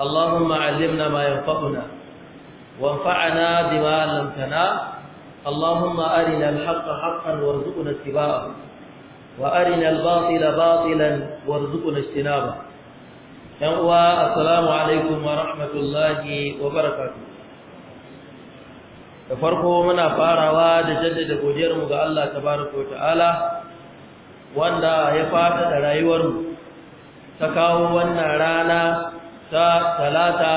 اللهم علمنا ما ينفعنا وانفعنا بما علمتنا اللهم أرنا الحق حقا وارزقنا اتباعه وأرنا الباطل باطلا وارزقنا اجتنابه ينوى السلام عليكم ورحمة الله وبركاته da farko muna farawa da jaddada godiyarmu ga Allah tabaraka ta'ala wanda ya fada da rayuwarmu ta kawo wannan rana ta talata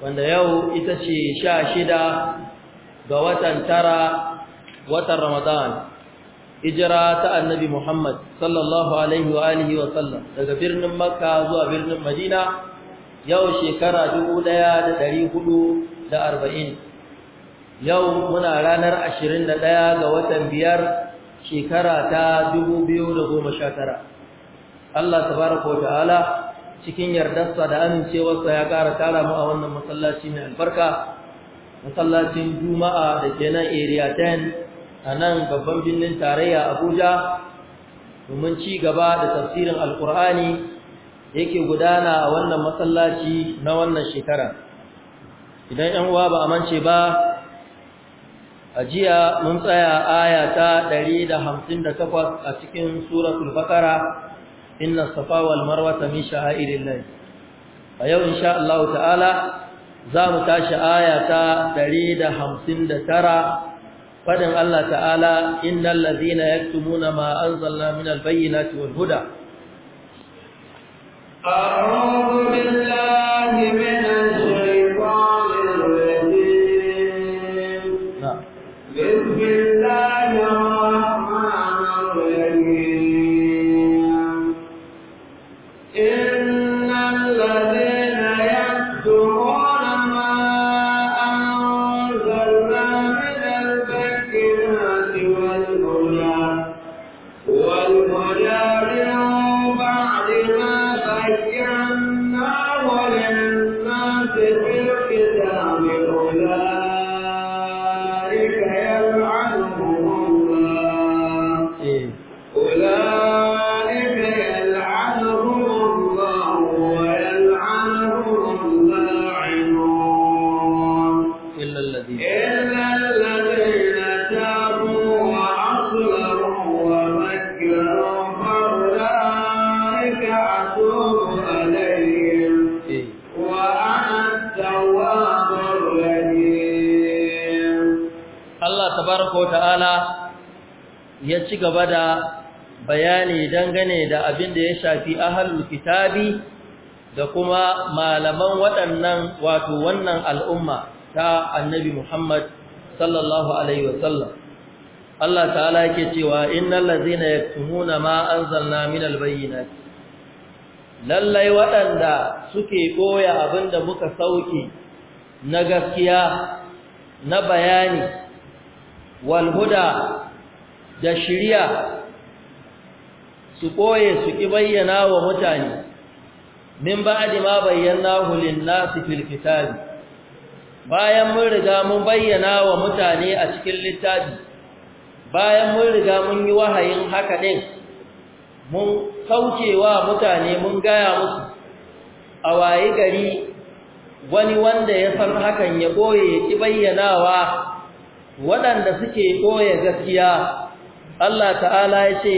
wanda yau ita ce sha shida ga watan tara watan ramadan ijira ta annabi muhammad sallallahu alaihi wa alihi wa sallam daga birnin makka zuwa birnin madina yau shekara dubu ɗaya da ɗari hudu da arba'in yau muna ranar ashirin da ɗaya ga watan biyar shekara ta dubu biyu da goma sha tara allah tabaraka wa ta'ala cikin yardarsa da amincewarsa ya ƙara tara mu a wannan masallaci mai albarka masallacin juma'a da ke nan area 10 a nan babban birnin tarayya abuja domin ci gaba da tafsirin alkur'ani yake gudana a wannan masallaci na wannan shekara idan yan uwa ba a mance ba a jiya mun tsaya aya ta 158 a cikin suratul bakara inna safa wal marwa min sha'irillah a yau insha Allah ta'ala za mu tashi aya ta 159 fadin Allah ta'ala innal ladhina yaktumuna ma anzalna minal bayyinati wal huda a'udhu billahi minash shaitanir rajim بسم الله الرحمن ci gaba da bayani dangane da abin da ya shafi ahalul kitabi da kuma malaman waɗannan wato wannan al'umma ta annabi Muhammad sallallahu alaihi wasallam Allah ta'ala yake cewa innal ladzina yaktumuna ma anzalna minal bayyinati lallai waɗanda suke abin da muka sauke na gaskiya na bayani walhuda da shiriya su koye su ki bayyana wa mutane min ba'di ma hu lin-nasi fil kitab bayan mun riga mun bayyana wa mutane a cikin littafi bayan mun riga mun yi wahayin haka din mun saukewa mutane mun gaya musu a waye gari wani wanda ya san hakan ya koye ki bayyana bayyanawa waɗanda suke koye gaskiya Allah ta'ala ya ce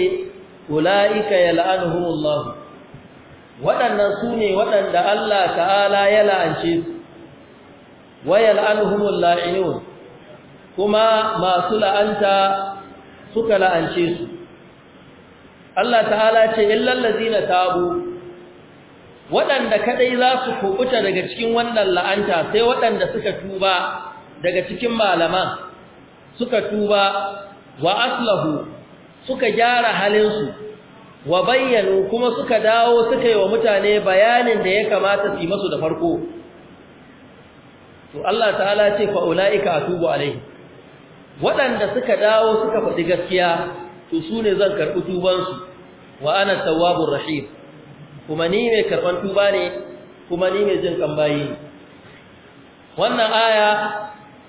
ulaika yal'anuhumullah waɗannan su ne waɗanda Allah ta'ala ya la'ance su wa la'inun kuma masu la'anta suka la'ance su Allah ta'ala ce illal ladina tabu waɗanda kadai za su kubuta daga cikin wannan la'anta sai waɗanda suka tuba daga cikin malaman suka tuba wa aslahu suka gyara halin su wa bayyanu kuma suka dawo suka yi wa mutane bayanin da ya kamata su yi masu da farko to Allah ta'ala ce fa ulaika atubu alaihi waɗanda suka dawo suka faɗi gaskiya to su ne zan karɓi tubansu wa ana tawwabur rahim kuma ni mai karɓan tuba ne kuma ni mai jin kan bayi wannan aya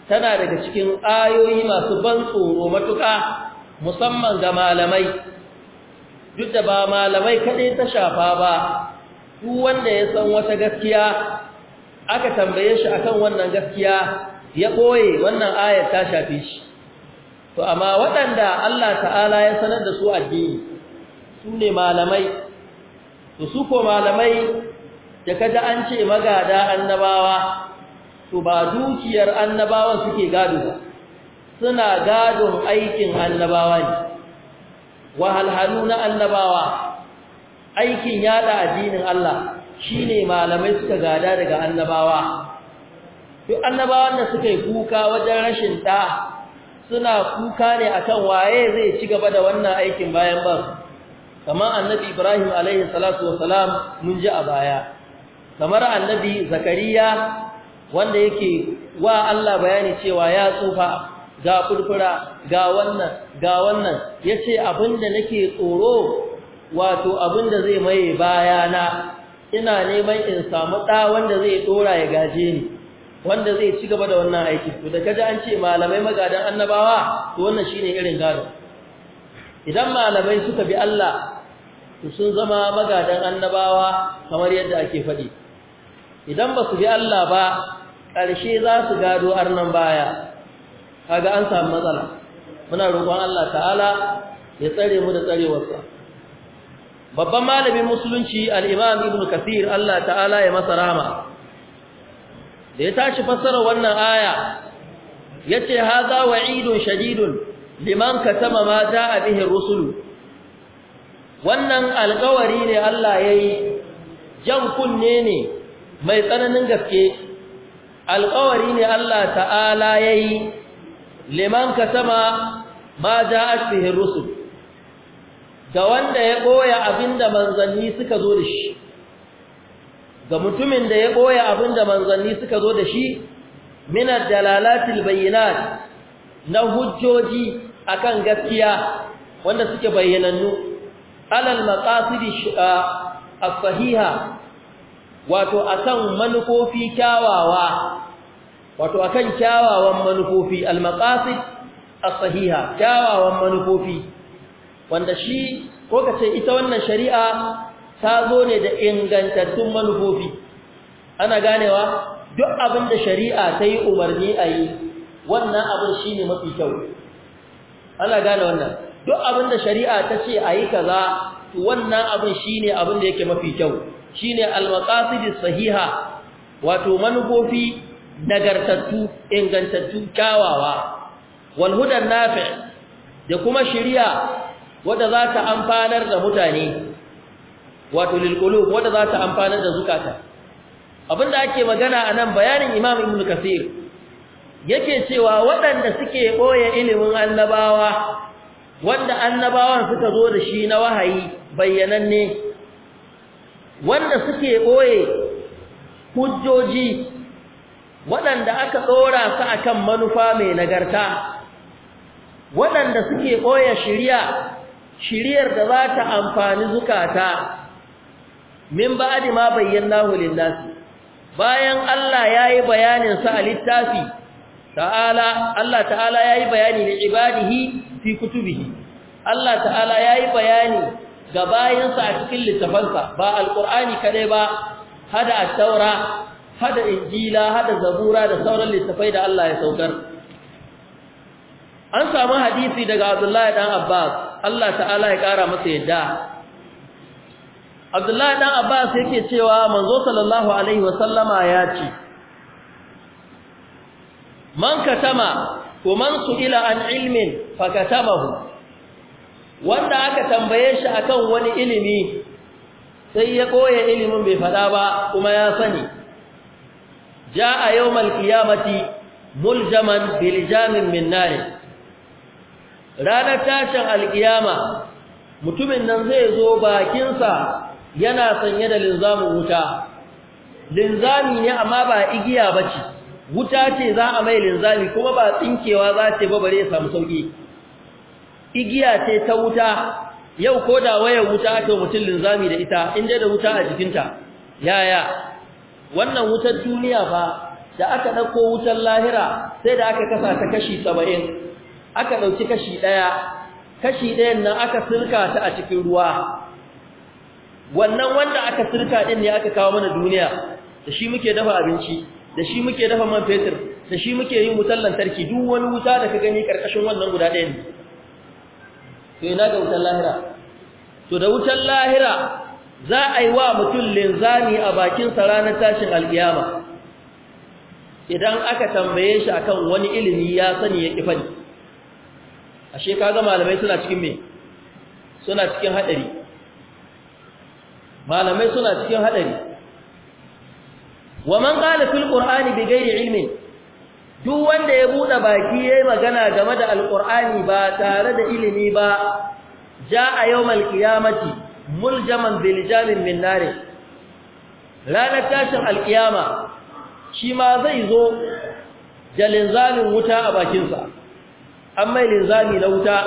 tana daga cikin ayoyi masu ban tsoro matuƙa musamman ga malamai duk da ba malamai kaɗai ta shafa ba duk wanda ya san wata gaskiya aka tambaye shi akan wannan gaskiya ya ɓoye wannan ayar ta shafe shi to amma waɗanda Allah ta'ala ya sanar da su addini su ne malamai to su ko malamai da kaji an ce magada annabawa to ba dukiyar annabawan suke gado ba suna gadon aikin annabawa ne wahalhalu na annabawa aikin yada addinin Allah shine malamai suka gada daga annabawa duk annabawan da suka kuka wajen rashin ɗa suna kuka ne akan waye zai ci gaba da wannan aikin bayan ba kamar annabi Ibrahim alaihi salatu salam mun ji a baya kamar annabi Zakariya wanda yake wa Allah bayani cewa ya tsufa ga furfura ga wannan ga wannan yace abinda nake tsoro wato abinda zai maye bayana ina neman in samu da wanda zai dora ya gaje ni wanda zai ci gaba da wannan aiki to da kaji an ce malamai magadan annabawa to wannan shine irin gado idan malamai suka bi Allah to sun zama magadan annabawa kamar yadda ake faɗi idan ba su bi Allah ba ƙarshe za su gado nan baya kaga an samu matsala muna roƙon Allah ta'ala ya tsare mu da tsarewarsa babban malamin musulunci al-imam ibnu kathir Allah ta'ala ya masa rama. da ya tashi fassara wannan aya yace hadha wa'idun shadidun liman katama ma jaa bihi ar-rusul wannan alƙawari ne Allah yayi jan kunne ne mai tsananin gaske alƙawari ne Allah ta'ala yayi liman ka sama ma ja'at bihi rusul ga wanda ya boye abinda manzanni suka zo da shi ga mutumin da ya boye abinda manzanni suka zo da shi min ad-dalalatil bayyinat na hujjoji akan gaskiya wanda suke bayyanannu alal maqasidi as-sahiha wato akan manufofi kyawawa wato kan kyawawan manufofi al-maqasid as-sahiha kyawawan manufofi wanda shi ko kace ita wannan shari'a ta zo ne da ingantattun manufofi ana ganewa duk abin da shari'a ta yi umarni a yi wannan abin shine mafi kyau ana gane wannan duk abin da shari'a ta ce a yi kaza to wannan abin shine abin da yake mafi kyau shine al-maqasid sahiha wato manufofi nagartattu ingantattu kyawawa wal hudan nafi' da kuma shari'a wadda za ta amfanar da mutane wato lil qulub za ta amfanar da zukata abinda ake magana anan bayanin imam ibn kasir yake cewa waɗanda suke boye ilimin annabawa wanda annabawan suka zo da shi na wahayi bayyananne wanda suke boye hujjoji waɗanda aka ɗora su akan manufa mai nagarta waɗanda suke boye shirya, shiriyar da za ta amfani zukata min ba'di ma bayyanahu lin-nasi bayan Allah ya bayanin sa a littafi ta'ala Allah ta'ala ya yi bayani li ibadihi fi kutubihi Allah ta'ala ya yi bayani ga bayansa a cikin littafansa ba alkur'ani kadai ba hada taura hada injila hada zabura da sauran littafai da Allah ya saukar an samu hadisi daga Abdullahi dan Abbas Allah ta'ala ya kara masa yadda Abdullahi dan Abbas yake cewa manzo sallallahu alaihi sallama ya ce man katama wa man su'ila an ilmin fakatamahu wanda aka tambaye shi akan wani ilimi sai ya koya ilimin bai fada ba kuma ya sani jaa yawmal qiyamati muljaman bil jamin min nar ranar tashin alkiyama mutumin nan zai zo bakinsa yana sanye da linzamin wuta linzami ne amma ba igiya bace wuta ce za a mai linzami kuma ba tsinkewa za ta ba bare samu sauki igiya ce ta wuta yau ko da wayar wuta to mutum linzami da ita in dai da wuta a jikinta yaya wannan wutar duniya fa da aka dauko wutar lahira sai da aka kasa ta kashi 70 aka dauki kashi daya kashi dayan nan aka sirka ta a cikin ruwa wannan wanda aka sirka din ne aka kawo mana duniya da shi muke dafa abinci da shi muke dafa man fetur da shi muke yin wutar lantarki duk wani wuta da ka gani karkashin wannan guda ɗaya ne to ina ga wutar lahira to da wutar lahira za a yi wa mutum linzami a bakin sa ranar tashin alkiyama idan aka tambaye shi akan wani ilimi ya sani ya kifani ashe kaga malamai suna cikin me suna cikin hadari malamai suna cikin hadari wa man qala fil qur'ani bighairi ilmin duk wanda ya buɗe baki yayi magana game da alqur'ani ba tare da ilimi ba jaa yawmal qiyamati muljaman biljamin min nar ranar tashin alqiyama shi ma zai zo da linzamin wuta a bakinsa an mai linzami na wuta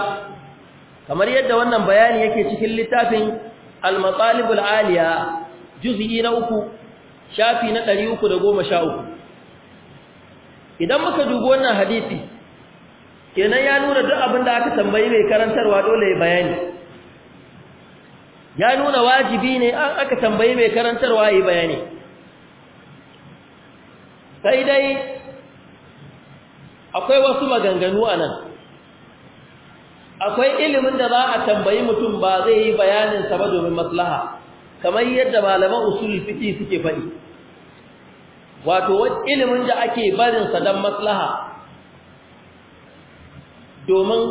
kamar yadda wannan bayani yake cikin littafin al aliya juz'i na uku shafi na 313 idan muka dubi wannan hadisi kenan ya nuna duk abin da aka tambayi mai karantarwa dole ya bayani ya nuna wajibi ne an aka tambayi mai karantarwa ya bayani sai dai akwai wasu maganganu a nan akwai ilimin da za a tambayi mutum ba zai yi bayaninsa ba domin maslaha kamar yadda malaman usul fiki suke faɗi wato ilimin da ake barin sa don maslaha domin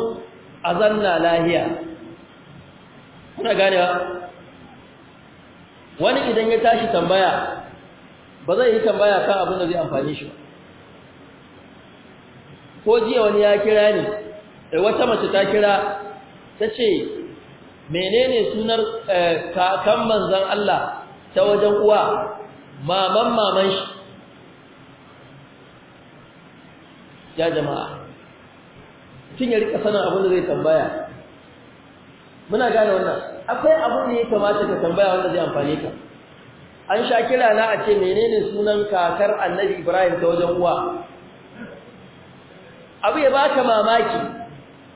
a zanna lahiya kuna ganewa wani idan ya tashi tambaya ba zai yi tambaya kan abin da zai amfani shi ko jiya wani ya kira ni eh, wata mace ta kira ta ce menene sunar eh, kakan manzan Allah ta wajen uwa maman maman ya jama'a Shin ya rika sanin abin da zai tambaya muna gane wannan akwai abin da ya kamata ka tambaya wanda zai amfane ka an sha kira na a ce menene sunan kakar annabi ibrahim ta wajen uwa abu ya baka mamaki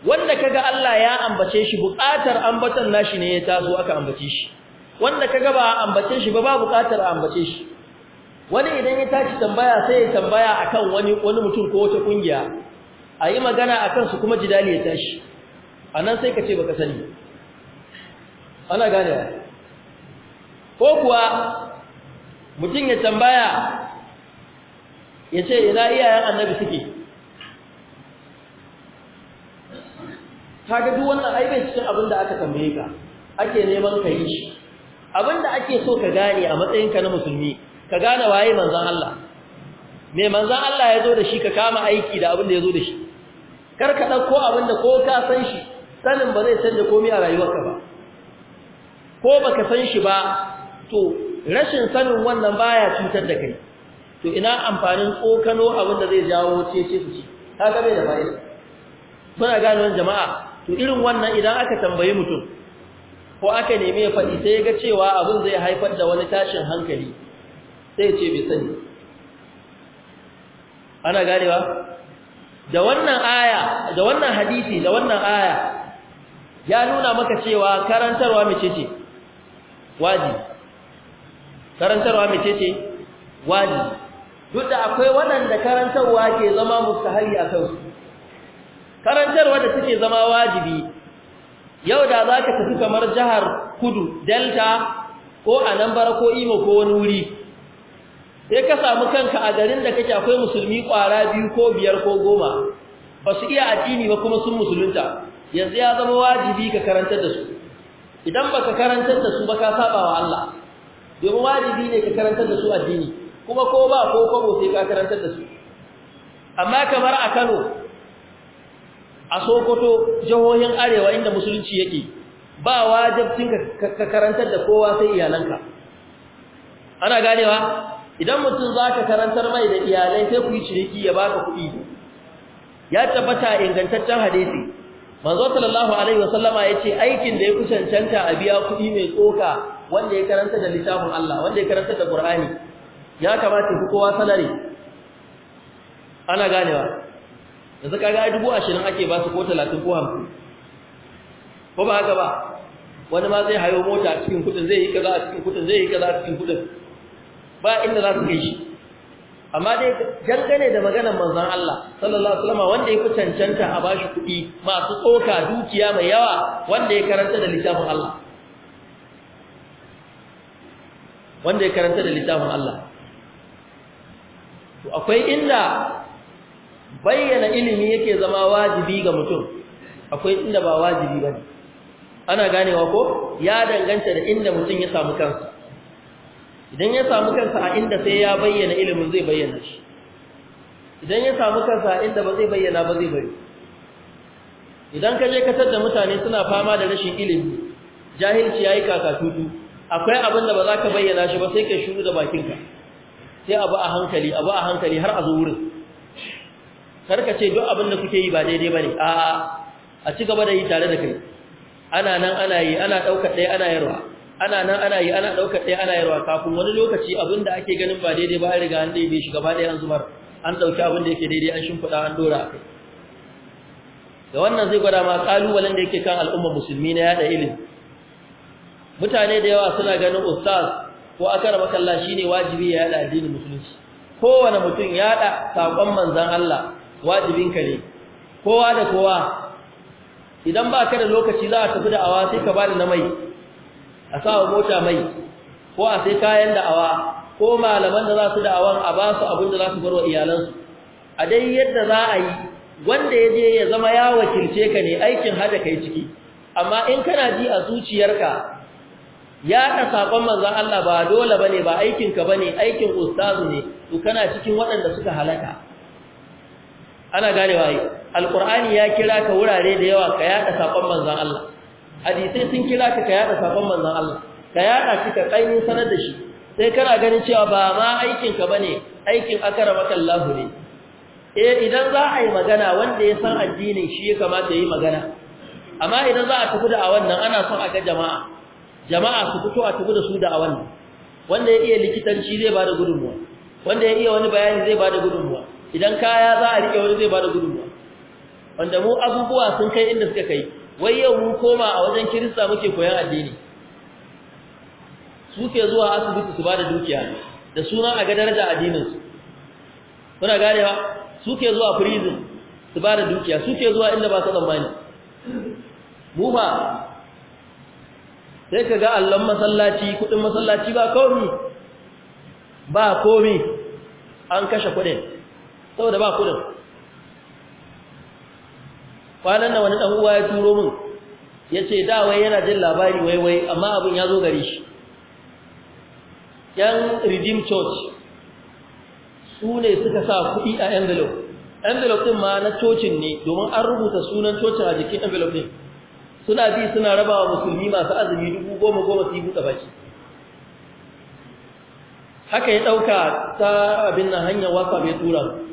wanda kaga Allah ya ambace shi buƙatar ambatan nashi ne ya taso aka ambace shi wanda kaga ba ambace shi ba ba buƙatar ambace shi wani idan ya tashi tambaya sai ya tambaya akan wani wani mutum ko wata kungiya a yi magana a kansu kuma jidali ya tashi a nan sai ka ce baka sani ana ba. ko kuwa mutum ya tambaya ya ce ina iyayen annabi suke kaga duk wannan ai bai cikin abin da aka tambaye ka ake neman ka yi shi abin da ake so ka gane a matsayinka na musulmi ka gane waye manzon Allah me manzon Allah ya zo da shi ka kama aiki da abin da ya zo da shi kar ka dauko abin da ko ka san shi sanin ba zai canza komai a rayuwarka ba ko baka san shi ba to rashin sanin wannan baya cutar da kai to ina amfanin tsokano abin da zai jawo cece su ci kaga bai da fa'ida kuna gane wannan jama'a to irin wannan idan aka tambayi mutum ko aka neme ya faɗi sai ya ga cewa abun zai haifar da wani tashin hankali sai ce bai sani ana ganewa da wannan aya da wannan hadisi da wannan aya ya nuna maka cewa karantarwa mecece wajibi karantarwa mecece wajibi duk da akwai waɗanda karantarwa ke zama mustahili a kansu karantarwa da take zama wajibi yau da za ka tafi kamar jihar kudu delta ko anambra ko imo ko wani wuri sai ka samu kanka a garin da kake akwai musulmi kwara biyu ko biyar ko goma ba su iya addini ba kuma sun musulunta yanzu ya zama wajibi ka karantar da su idan baka karantar da su ba ka saba wa Allah domin wajibi ne ka karantar da su addini kuma ko ba ko kwabo sai ka karantar da su amma kamar a Kano a Sokoto jihohin arewa inda musulunci yake ba wajibcin ka karantar da kowa sai iyalanka ana ganewa idan mutum zaka karantar mai da iyalai sai ku yi ciniki ya baka kuɗi ya tabbata ingantaccen hadisi manzo sallallahu alaihi wasallama yace aikin da ya kusancanta a biya kuɗi mai tsoka wanda ya karanta da littafin Allah wanda ya karanta da Qur'ani ya kamata ku kowa salari ana ganewa yanzu kaga 20 ake ba su ko 30 ko 50 ko ba haka ba wani ma zai hayo mota a cikin kudin zai yi kaza a cikin kudin zai yi kaza a cikin kudin ba inda za su kai shi amma dai dangane da maganar manzon Allah sallallahu alaihi wasallam wanda ya fi cancanta a bashi kuɗi masu tsoka dukiya mai yawa wanda ya karanta da littafin Allah wanda ya karanta da littafin Allah to akwai inda bayyana ilimi yake zama wajibi ga mutum akwai inda ba wajibi bane ana ganewa ko ya danganta da inda mutum ya samu kansa idan ya samu kansa a inda sai ya bayyana ilimin zai bayyana shi idan ya samu kansa a inda ba zai bayyana ba zai bari idan ka je katar da mutane suna fama da rashin ilimi jahilci ya yi kakatutu akwai abin da ba za ka bayyana shi ba sai ka shiru da bakinka sai abu a hankali abu a hankali har a zo wurin karka ce duk abin da kuke yi ba daidai ba ne a ci gaba da yi tare da kai ana nan ana yi ana ɗaukar ɗaya ana yarwa ana nan ana yi ana ɗaukar ɗaya ana yarwa kafin wani lokaci abinda ake ganin ba daidai ba riga an ɗaya bai shiga ba ɗaya an zubar an ɗauki abin da yake daidai an shimfiɗa an dora a kai da wannan zai gwada ma ƙalubalen da yake kan al'umma musulmi na yaɗa ilimi mutane da yawa suna ganin ustaz ko akara makalla shine wajibi ya yaɗa addinin musulunci kowane mutum yaɗa saƙon manzan Allah ka ne kowa da kowa idan ba ka da lokaci za a tafi da awa sai ka da na mai a sawa mota mai ko a sai kayan da'awa ko malaman da za su da'awan a ba su abin da za su barwa iyalansu a dai yadda za a yi wanda ya je ya zama ya wakilce ka ne aikin hada kai ciki amma in kana ji a zuciyarka ya ka sakon manzan Allah ba dole bane ba aikin ka bane aikin ustazu ne to kana cikin waɗanda suka halaka ana ganewa yi Alƙur'ani ya kira ka wurare da yawa ka yaɗa sakon manzan Allah hadisai sun kira ka yada sabon manzon Allah ka yada shi ka kainin sanar da shi sai kana ganin cewa ba ma aikin ka bane aikin akaramaka Allah ne eh idan za a yi magana wanda ya san addinin shi ya kamata yi magana amma idan za a tafi da a wannan, ana son a ga jama'a jama'a su fito a tafi da su da a wannan wanda ya iya likitanci zai bada gudunmuwa wanda ya iya wani bayani zai bada gudunmuwa idan kaya za a rike wani zai bada gudunmuwa wanda mu abubuwa sun kai inda suka kai wai yau mun koma a wajen kirista muke koyan addini suke zuwa asibiti su bada dukiya da suna a ga daraja su kuna ganewa suke zuwa prison su bada dukiya suke zuwa inda ba su tsammani mu ba sai ka ga allon masallaci kudin masallaci ba komi ba komi an kashe kudin saboda ba kudin kwanan da wani dan uwa ya turo min ya da wai yana jin labari wai wai amma abin ya zo gari shi yan redeem church su ne suka sa kuɗi a envelope envelope ɗin ma na cocin ne domin an rubuta sunan cocin a jikin envelope ɗin suna bi suna raba wa musulmi masu azumi dubu goma goma su yi buɗe baki haka ya ɗauka ta abin na hanyar wasa mai tura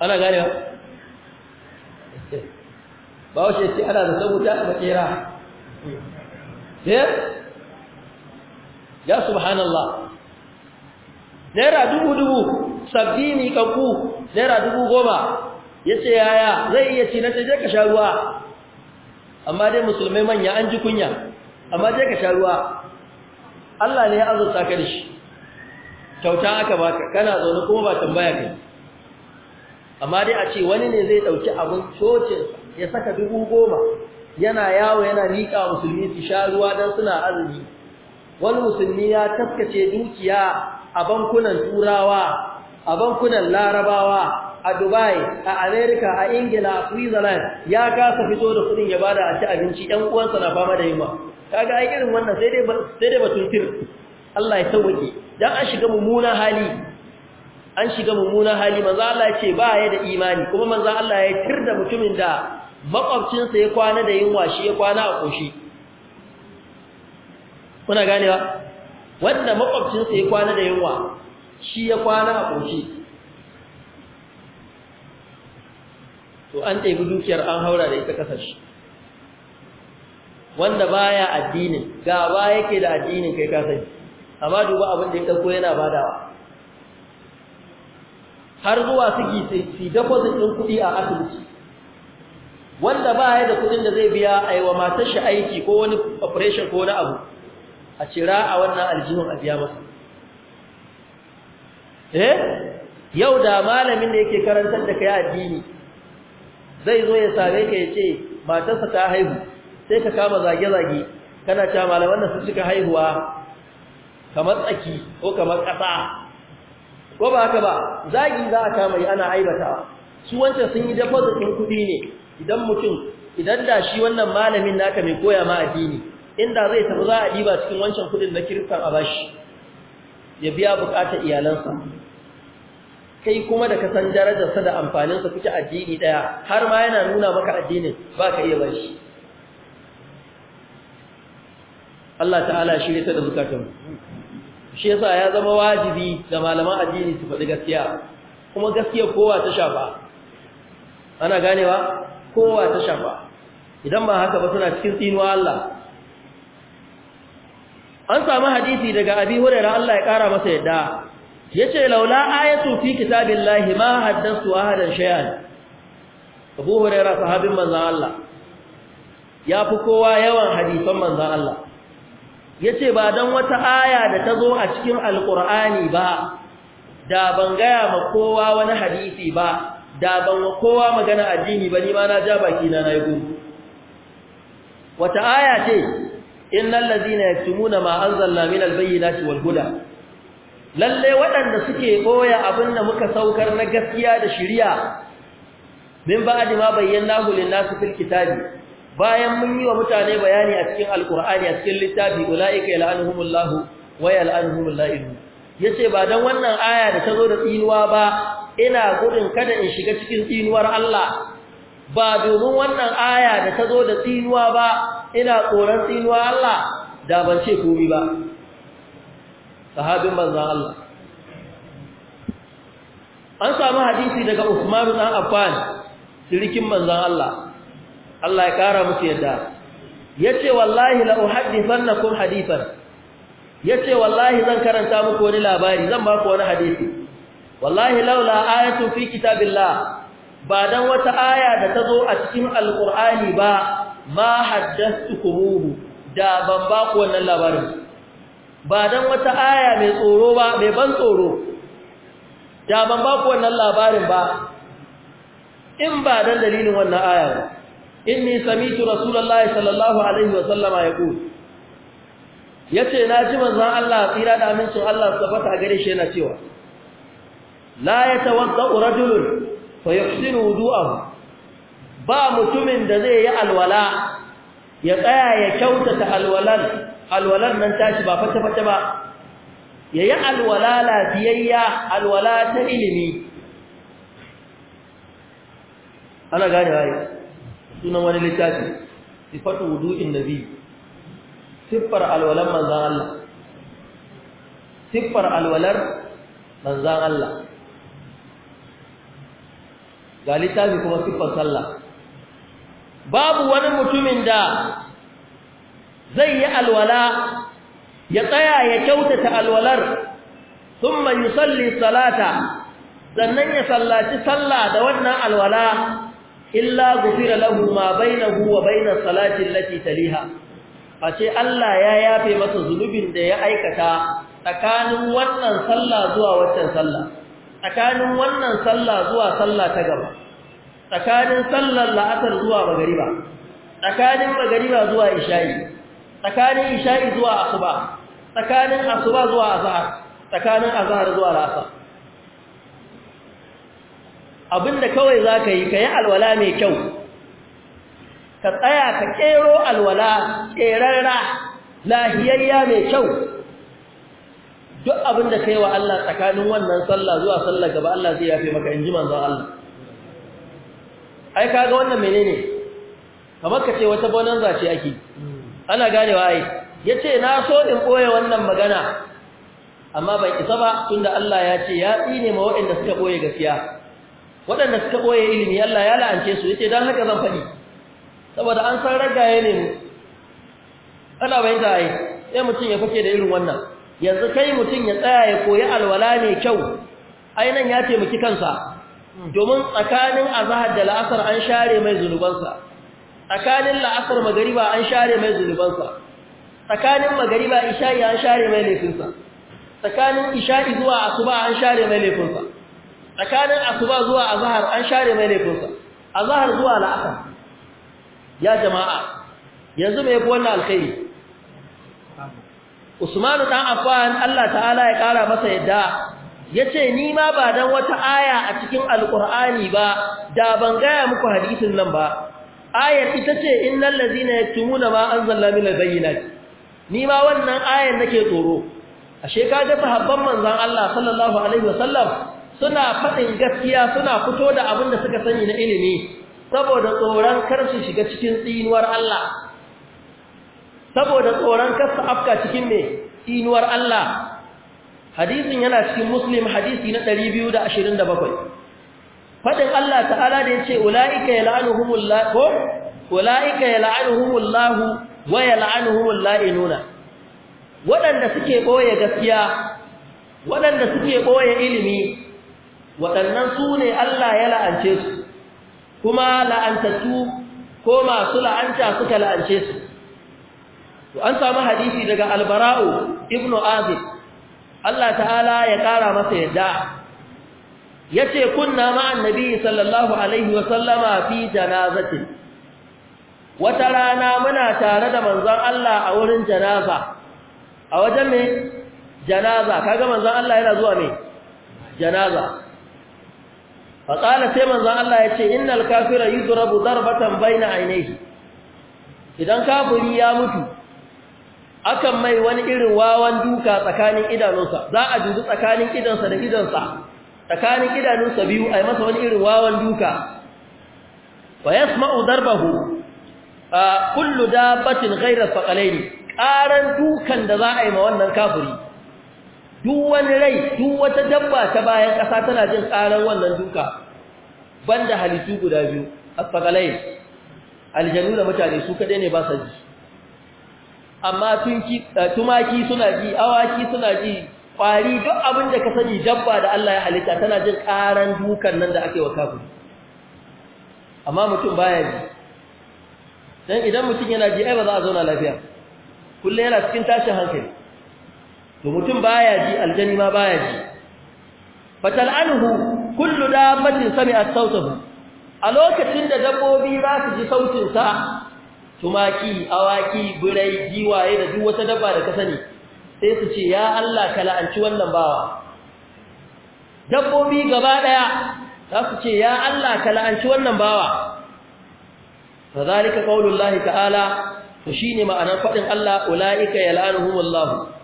ana gane ba ba wace ce ana da sabuta a makera eh? ya subhanallah naira dubu dubu sabbi ni kanku naira dubu goma Ya ce yaya zai iya ci na je ka sha ruwa amma dai musulmai manya an ji kunya amma je ka sha ruwa Allah ne ya azurta ka da shi kyauta aka baka kana zaune kuma ba tambaya kai amma dai a ce wani ne zai ɗauki abin cocin ya saka dubu goma yana yawo yana miƙa musulmi su sha ruwa dan suna azumi wani musulmi ya taskace dukiya a bankunan turawa a bankunan larabawa a dubai a america a ingila a switzerland ya kasa fito da kudin ya bada a ci abinci yan uwansa na fama da yunwa kaga ai irin wannan sai dai sai dai batun tir Allah ya sauke dan an shiga mummunan hali an shiga mummunan hali manzo Allah ya ce ba ya da imani kuma manzo Allah ya tirda mutumin da makwabcinsa ya kwana da yunwa shi ya kwana a koshi kuna ganewa wanda makwabcinsa ya kwana da yunwa shi ya kwana a koshi to an ɗebi dukiyar an haura da ita shi wanda baya addinin gaba yake da addinin kai kasai, amma duba abin da ya ɗauko yana badawa har zuwa su yi deposit ɗin kuɗi a asibiti wanda ba ya da kuɗin da zai biya a yi wa matar shi aiki ko wani operation ko wani abu a cira a wannan aljihun a biya masa eh yau da malamin da yake karantar da kai addini zai zo ya same ka ya ce matarsa ta haihu sai ka kama zage-zage kana cewa malaman da su cika haihuwa kamar tsaki ko kamar ƙasa ko ba haka ba zagi za a kama yi ana aiwata su wancan sun yi dafa ɗin kuɗi ne idan mutum idan da shi wannan malamin naka mai koya ma addini inda zai tafi za a diba cikin wancan kuɗin na kirkan a bashi ya biya buƙatar iyalansa kai kuma da ka san darajarsa da amfaninsa kuke addini ɗaya har ma yana nuna maka addinin ba ka iya bashi Allah ta'ala shirya ta da zukatanmu shi yasa ya zama wajibi ga malaman addini su faɗi gaskiya kuma gaskiya kowa ta shafa ana ganewa kowa ta shafa idan ba haka ba suna cikin tsinuwa Allah an samu hadisi daga abi hurairah Allah ya kara masa yadda yace laula ayatu fi kitabillahi ma haddathu ahadan shay'an abu hurairah sahabin manzon Allah ya fi kowa yawan hadisan manzon Allah yace ba dan wata aya da ta zo a cikin Alƙur'ani ba da ban gaya ma kowa wani hadisi ba da ban wa kowa magana addini ba ni ma na ja baki na yi gudu wata aya ce na ladina yaktumuna ma anzalna minal bayyinati wal walguda. lalle waɗanda suke boya abin da muka saukar na gaskiya da shirya min ba'di ma bayyanahu na nasi fil kitabi bayan mun yi wa mutane bayani a cikin alkur'ani a cikin littafi ulaiika yal'anuhumullahu wa yal'anuhumullahu yace ba dan wannan aya da ta zo da tsinuwa ba ina gudun kada in shiga cikin tsinuwar Allah ba domin wannan aya da ta zo da tsinuwa ba ina tsoron tsinuwa Allah da ban ce komai ba sahabin manzon Allah an samu hadisi daga Uthman bin Affan sirikin manzon Allah Allah ya kara musu yadda yace wallahi la uhaddithannakum hadithan yace wallahi zan karanta muku wani labari zan ba ku wani hadisi wallahi laula ayatu fi kitabillah ba dan wata aya da ta zo a cikin alqur'ani ba ma haddathukumuhu da ban ba ku wannan labarin ba dan wata aya mai tsoro ba mai ban tsoro da ban ba ku wannan labarin ba in ba dan dalilin wannan aya ba inni samitu rasulullahi sallallahu alaihi wa sallama yaqul yace na ji manzon Allah tsira da amincin Allah tabbata gare shi yana cewa la yatawadda rajulun fa yuhsinu wudu'ahu ba mutumin da zai yi alwala ya tsaya ya kyautata alwalan alwalan nan tashi ba fata fata ba yayi alwala lafiyayya alwala ta ilimi ana gane wai sunan wani littafi sifatu wudu'in nabi siffar alwalar manzan Allah siffar alwalar manzan Allah ga littafi kuma siffar sallah babu wani mutumin da zai yi alwala ya tsaya ya kyautata alwalar thumma yusalli salata sannan ya sallaci sallah da wannan alwala illa gufira lahu ma bainahu wa bainas salati allati taliha face Allah ya yafe masa zulubin da ya aikata tsakanin wannan sallah zuwa waccan sallah tsakanin wannan sallah zuwa sallah ta gaba tsakanin sallar la'asar zuwa magariba tsakanin magariba zuwa isha'i tsakanin isha'i zuwa asuba tsakanin asuba zuwa azhar tsakanin azhar zuwa la'asar abinda kawai za ka yi ka yi alwala mai kyau ka tsaya ka kero alwala kerarra lahiyayya mai kyau duk abinda yi wa Allah tsakanin wannan sallah zuwa sallah gaba Allah zai yafe maka ji manzo Allah ai ka ga wannan menene kamar ka ce wata bonanza ce ake ana ganewa ai yace na so in boye wannan magana amma bai isa ba tunda Allah ya ce ya tsine ma waɗanda suka boye gaskiya waɗanda suka ɓoye ilimi Allah ya la'ance su yace dan haka zan faɗi saboda an san ragaye ne mu ana ta ai sai mutum ya fake da irin wannan yanzu kai mutum ya tsaya ya koyi alwala ne kyau ainan ya taimaki kansa domin tsakanin azahar da la'asar an share mai zunubansa. tsakanin la'asar magariba an share mai zunubansa. tsakanin magariba isha'i an share mai laifinsa tsakanin isha'i zuwa asuba an share mai laifinsa tsakanin asuba zuwa azhar an share mai laifinsa azhar zuwa la'asar ya jama'a yanzu me yafi wannan alkhairi Usman dan afan Allah ta'ala ya kara masa yadda yace ni ma ba dan wata aya a cikin alqur'ani ba da ban gaya muku hadisin nan ba ayar ita ce innal ladina yaktumuna ma anzalna minal bayyinati ni ma wannan ayar nake tsoro ashe ka dafa sahabban manzon Allah sallallahu alaihi wasallam suna faɗin gaskiya suna fito da abin da suka sani na ilimi saboda tsoron kar su shiga cikin tsinuwar Allah saboda tsoron kar su afka cikin ne tsinuwar Allah hadisin yana cikin muslim hadisi na 227 fadin Allah ta'ala da yace ulaika yal'anuhumullahu ko ulaika yal'anuhumullahu wa yal'anuhumul la'inuna wadanda suke boye gaskiya wadanda suke boye ilimi waɗannan su ne Allah ya la'ance su kuma la'antattu ko masu la'anta suka la'ance su to an samu hadisi daga albara'u ibnu azib Allah ta'ala ya ƙara masa yadda yace kunna ma'an nabi sallallahu alaihi wa sallama fi janazatin wata rana muna tare da manzon Allah a wurin janaza a wajen me janaza kaga manzon Allah yana zuwa mai janaza faƙala sai manzon Allah ya ce innal kafira yudrabu darbatan baina ainihi idan kafiri ya mutu akan mai wani irin wawan duka tsakanin idanunsa za a dubi tsakanin idansa da idansa tsakanin idanunsa biyu yi masa wani irin wawan duka wa yasma'u darbahu kullu dabatin faƙalai ne. qaran dukan da za a yi ma wannan kafiri duk wani rai duk wata dabba ta bayan ƙasa tana jin ƙarar wannan duka banda halittu guda biyu asfagalai aljanu da mutane su kaɗai ne ba sa ji amma eh, tumaki suna ji awaki suna ji ƙwari duk abin da ka sani dabba da Allah ya halitta tana jin ƙarar dukan nan da ake wa kafin amma mutum baya ji dan idan mutum yana ji ai ba za a zauna lafiya kullum yana cikin tashin hankali to mutum baya ji aljani ma baya ji fatal'anhu kullu dabbatin sami'at sautahu a lokacin da dabbobi za su ji sautin sa tumaki awaki birai jiwaye, da duk wata dabba da ka sani sai su ce ya Allah ka la'anci wannan bawa dabbobi gaba daya za su ce ya Allah ka la'anci wannan bawa fadhalika qaulullahi ta'ala to shine ma'anar fadin Allah ulaika yal'anuhumullahu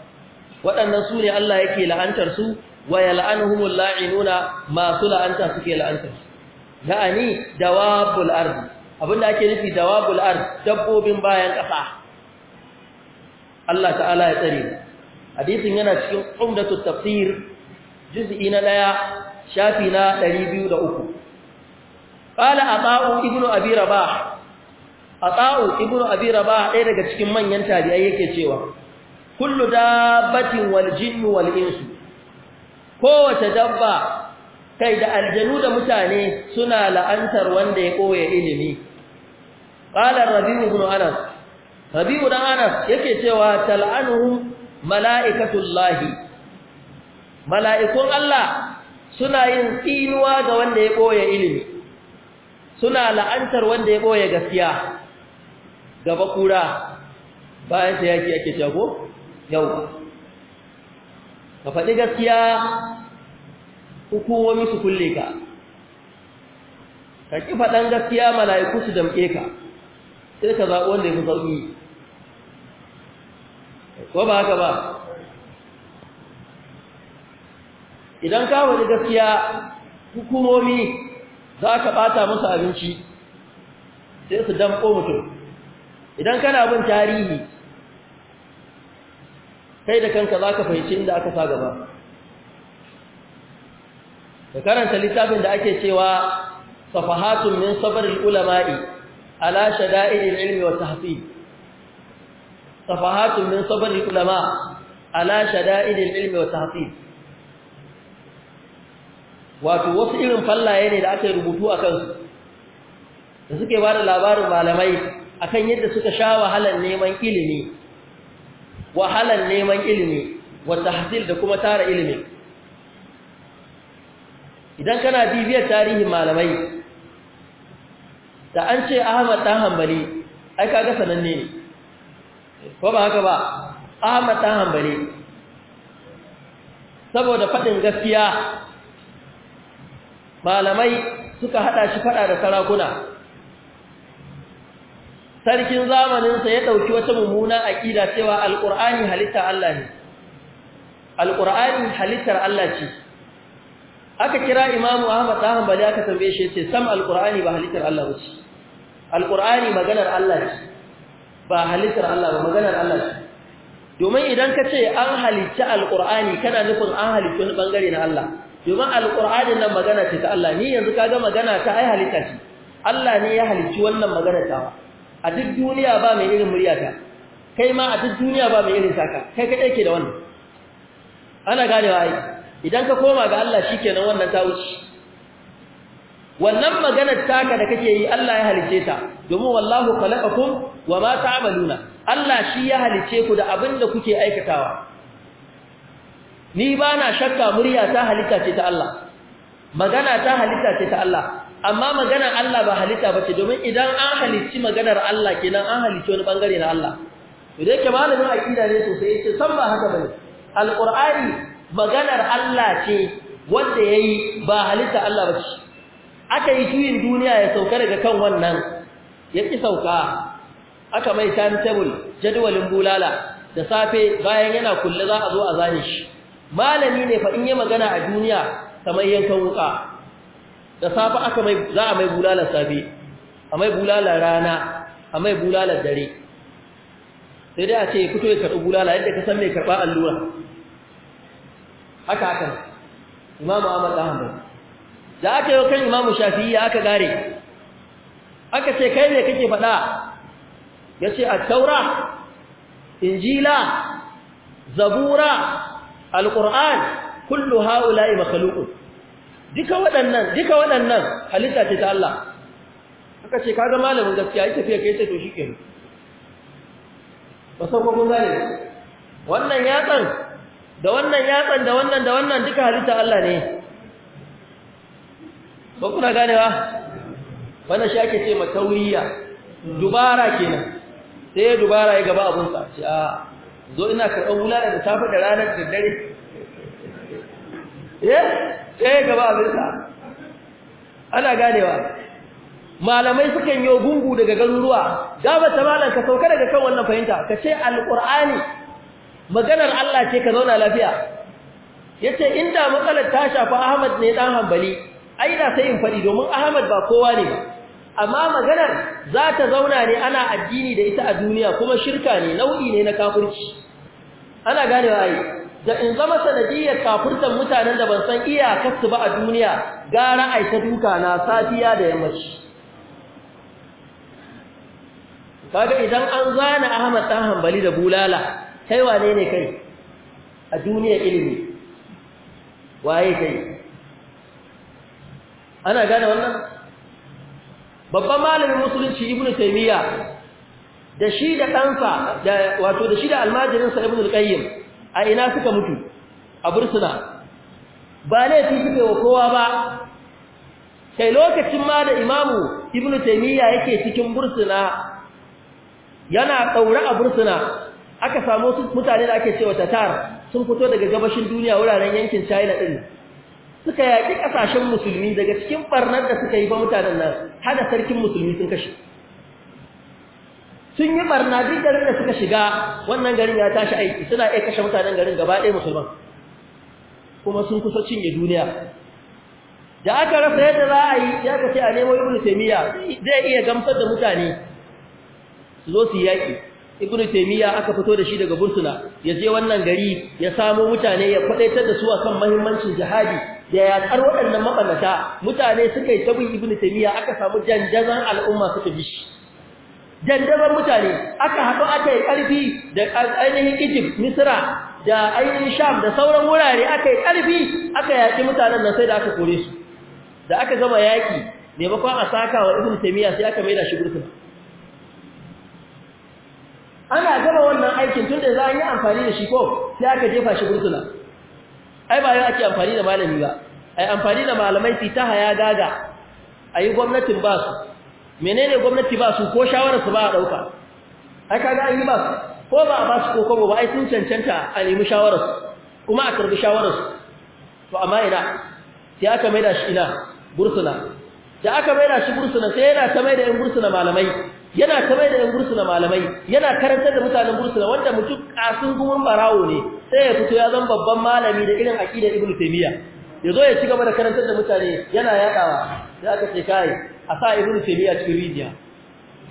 waɗannan su ne Allah yake la'antar su wa yal'anuhumul la'inuna masu la'anta suke la'antar Na'ani ya'ani dawabul abin da ake nufi dawabul ard dabbobin bayan ƙasa Allah ta'ala ya tsare hadisin yana cikin umdatut tafsir juz'i na ɗaya shafi na 203 qala ata'u ibnu abi a ata'u ibnu Abira rabah ɗaya daga cikin manyan tabi'ai yake cewa kullu dabbatin wal jinnu wal insu kowace dabba kai da aljanu da mutane suna la'antar wanda ya koya ilimi qala rabi'u ibn anas rabi'u dan anas yake cewa tal'anuhum mala'ikatullahi mala'ikun Allah suna yin tsinuwa ga wanda ya koya ilimi suna la'antar wanda ya koya gaskiya gaba kura bayan sai yake yake jago Yau, ka faɗi gaskiya hukumomi su kulle ka ka ƙi faɗan gaskiya mala'iku su damƙe ka sai ka zaɓi wanda ya fi sauƙi ko ba haka ba idan ka faɗi gaskiya hukumomi za ka ɓata musu abinci sai su damƙo mutum idan kana bin tarihi kai da kanka za ka fahimci inda aka sa gaba da karanta littafin da ake cewa safahatun min sabril ulama'i ala shada'il ilmi wa tahfid safahatun min sabril ulama ala shada'il ilmi wa tahfid wato wasu irin fallaye ne da aka rubutu a kansu, da suke bada labarin malamai akan yadda suka sha wahalar neman ilimi wahalan neman ilimi wa tahsil da kuma tara ilimi idan kana bibiyar tarihin malamai da an ce Ahmad dan hambali ai kaga sananne ne ko ba haka ba Ahmad dan hambali saboda fadin gaskiya malamai suka hada shi fada da sarakuna sarkin zamaninsa ya ɗauki wata mummunan aƙida cewa alƙur'ani halittar Allah ne alƙur'ani halittar Allah ce aka kira imamu ahmad ta hanbali aka tambaye shi ce sam alƙur'ani ba halittar Allah ba ce alƙur'ani maganar Allah ce ba halittar Allah ba maganar Allah ce domin idan ka ce an halicci alƙur'ani kana nufin an halicci wani ɓangare na Allah domin alƙur'anin nan magana ce ta Allah ni yanzu ka ga magana ta ai halitta ce Allah ne ya halicci wannan magana tawa a duk duniya ba mai irin muryata kai ma a duk duniya ba mai irin saka kai kaɗai ke da wannan ana ganewa ai idan ka koma ga Allah shikenan wannan ta wuce wannan maganar taka da kake yi Allah ya halice ta domin wallahu khalaqakum wama ta'maluna Allah shi ya halice ku da abin da kuke aikatawa ni ba na shakka murya ta halitta ce ta Allah magana ta halitta ce ta Allah amma maganar Allah ba halitta bace domin idan an halicci maganar Allah kenan an halicci wani bangare na Allah to da yake malamin aqida ne sosai yace san ba haka bane alqur'ani maganar Allah ce wanda yayi ba halitta Allah bace aka yi juyin duniya ya sauka daga kan wannan ya sauka aka mai timetable jadawalin bulala da safe bayan yana kulle za a zo a zane shi malami ne fa in yi magana a duniya kamar yankan wuka da safe aka mai za a mai bulala safe a mai bulala rana a mai bulala dare sai dai a ce fito ya karɓi bulala yadda ka san mai karɓa allura haka haka imamu ahmad ahmad da aka yi kan imamu shafi'i aka gare aka ce kai ne kake faɗa ya ce a taura injila zabura alƙur'an kullu ha'ula'i makhluqun duka waɗannan duka waɗannan halitta ce ta Allah aka ce ka ga malamin gaskiya yake tafiya kai ce to shi ba san ko mun gane wannan yatsan da wannan yatsan da wannan da wannan duka halitta Allah ne Ko kuna gane wa wannan shi ake ce ma dubara kenan sai dubara ya gaba abun sa ce a zo ina karɓar wulala da safe da ranar da dare eh sai eh, gaba abinsa ana ganewa malamai sukan yi gungu daga garuruwa gaba ta malam ka sauka daga kan wannan fahimta ka ce alqur'ani maganar Allah ce ka zauna lafiya yace inda matsalar ta shafi Ahmad ne dan Hanbali ai da sai in fadi domin Ahmad ba kowa ne ba amma maganar za ta zauna ne ana addini da ita a duniya kuma shirka ne nau'i ne na kafirci ana ganewa ai da in zama sanadiyar kafurtan mutanen da ban san iyakarsu ba a duniya gara aita duka na safiya da yammaci kaga idan an zana Ahmad dan Hanbali da Bulala kai wane ne kai a duniyar ilimi waye kai ana gane wannan babban malamin musulunci Ibn Taymiyyah da shi da ɗansa wato da shi da almajirinsa Ibn al a ina suka mutu a bursuna ba laifi suke wa kowa ba sai lokacin ma da imamu ibn taymiya yake cikin bursuna yana daure a bursuna aka samu mutane da ake cewa tatar sun fito daga gabashin duniya wuraren yankin china din suka yaki ƙasashen musulmi daga cikin ɓarnar da suka yi ba mutanen nan hada sarkin musulmi sun kashe sun yi barna duk garin da suka shiga wannan garin ya tashi aiki suna iya kashe mutanen garin gaba ɗaya musulman kuma sun kusa cinye duniya da aka rasa yadda za a yi ya kace a nemo ibnu taymiya zai iya gamsar da mutane su zo su yaƙi ibnu taymiya aka fito da shi daga burtuna ya je wannan gari ya samo mutane ya kwadaitar da su akan muhimmancin jihadi da yatsar waɗannan mabannata mutane suka yi tabin ibnu taymiya aka samu janjazan al'umma suka bi jaddaban mutane aka haɗu aka yi ƙarfi da ainihin Egypt Misra da ainihin Sham da sauran wurare aka yi ƙarfi aka yaƙi mutanen nan sai da aka kore su da aka gama yaƙi maimakon a saka wa Ibn Taymiyyah sai aka maida shi gurkuna ana gama wannan aikin tun da za a yi amfani da shi ko sai aka jefa shi gurkuna ai ba yau ake amfani da malami ba ai amfani da malamai fita haya gaga ayi gwamnatin ba su menene gwamnati ba su ko shawarar su ba a dauka ai kaga an yi ba su ko ba a ba su ko ba ai sun cancanta a nemi shawarar su kuma a karbi shawarar su to amma ina sai aka maida shi ina bursuna da aka maida shi bursuna sai yana ta maida yan bursuna malamai yana ta maida yan bursuna malamai yana karantar da mutanen bursuna wanda mutum kasin gumin barawo ne sai ya fito ya zama babban malami da irin aqidar ibnu taymiya yazo ya ci gaba da karantar da mutane yana yadawa sai aka ce kai a sa ibnu a cikin rijiya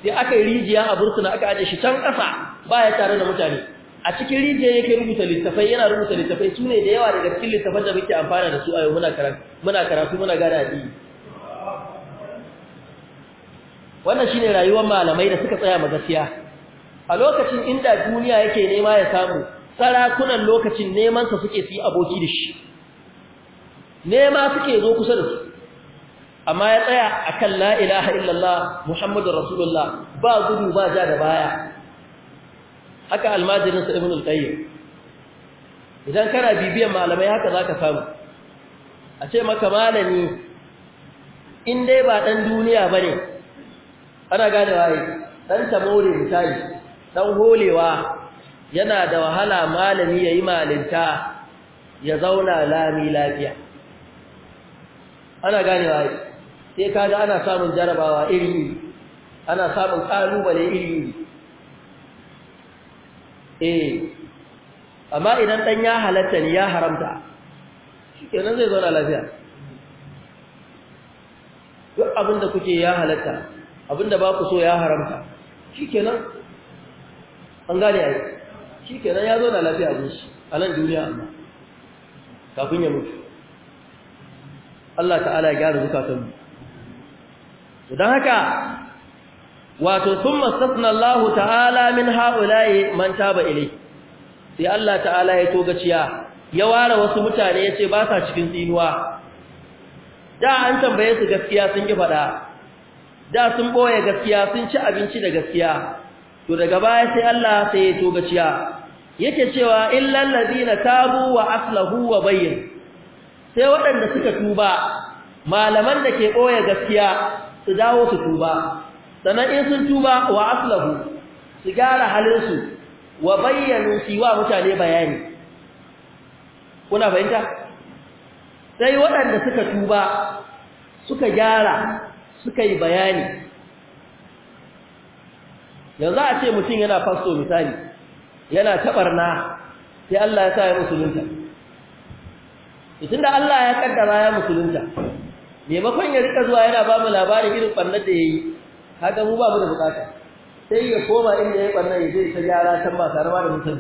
sai aka yi rijiya a burkuna aka aje shi can kasa ya tare da mutane a cikin rijiya yake rubuta littafai yana rubuta littafai su ne da yawa daga cikin littafan da muke amfana da su a yau muna karatu muna karatu muna gada wannan shine rayuwar malamai da suka tsaya gaskiya. a lokacin inda duniya yake nema ya samu sarakunan lokacin neman sa suke su aboki da shi nema suke zo kusa da su amma ya tsaya akan la ilaha illallah muhammadur rasulullah ba gudu ba ja da baya haka almajirin sa ibn al-qayyim idan kana bibiyan malamai haka zaka samu a ce maka malami in dai ba dan duniya bane ana gane waye dan tamore misali dan holewa yana da wahala malami yayi malinta ya zauna lami lafiya ana gane waye sai kaga ana samun jarabawa iri ana samun kalubale iri eh amma idan dan ya halatta ne ya haramta nan zai zauna lafiya duk abinda kuke ya halatta abinda ba ku so ya haramta shikenan an gane ai shikenan ya zauna lafiya abin shi a nan duniya amma kafin ya mutu Allah ta'ala ya gyara zukatanmu don haka wato sun mastasna Allah ta'ala min ha'ulaye man taba ilai sai Allah ta'ala ya togaciya ya ware wasu mutane ya ce ba sa cikin tsinuwa da an tambaye su gaskiya sun ki faɗa da sun boye gaskiya sun ci abinci da gaskiya to daga baya sai Allah sai ya togaciya yake cewa illal ladina tabu wa aslahu wa bayyin sai waɗanda suka tuba malaman da ke ɓoye gaskiya su dawo su tuba sannan in sun tuba wa aslahu su gyara halinsu wa bayyanu su wa mutane bayani kuna fahimta sai waɗanda suka tuba suka gyara suka yi bayani yanzu a ce mutum yana fasto misali yana tabarna sai Allah ya sa ya musulunta da Allah ya kaddara ya musulunta maimakon ya rika zuwa yana ba mu labarin irin barnar da yayi haka mu ba mu da bukata sai ya koma inda ya barnar ya je ta gyara can ba tare da mutum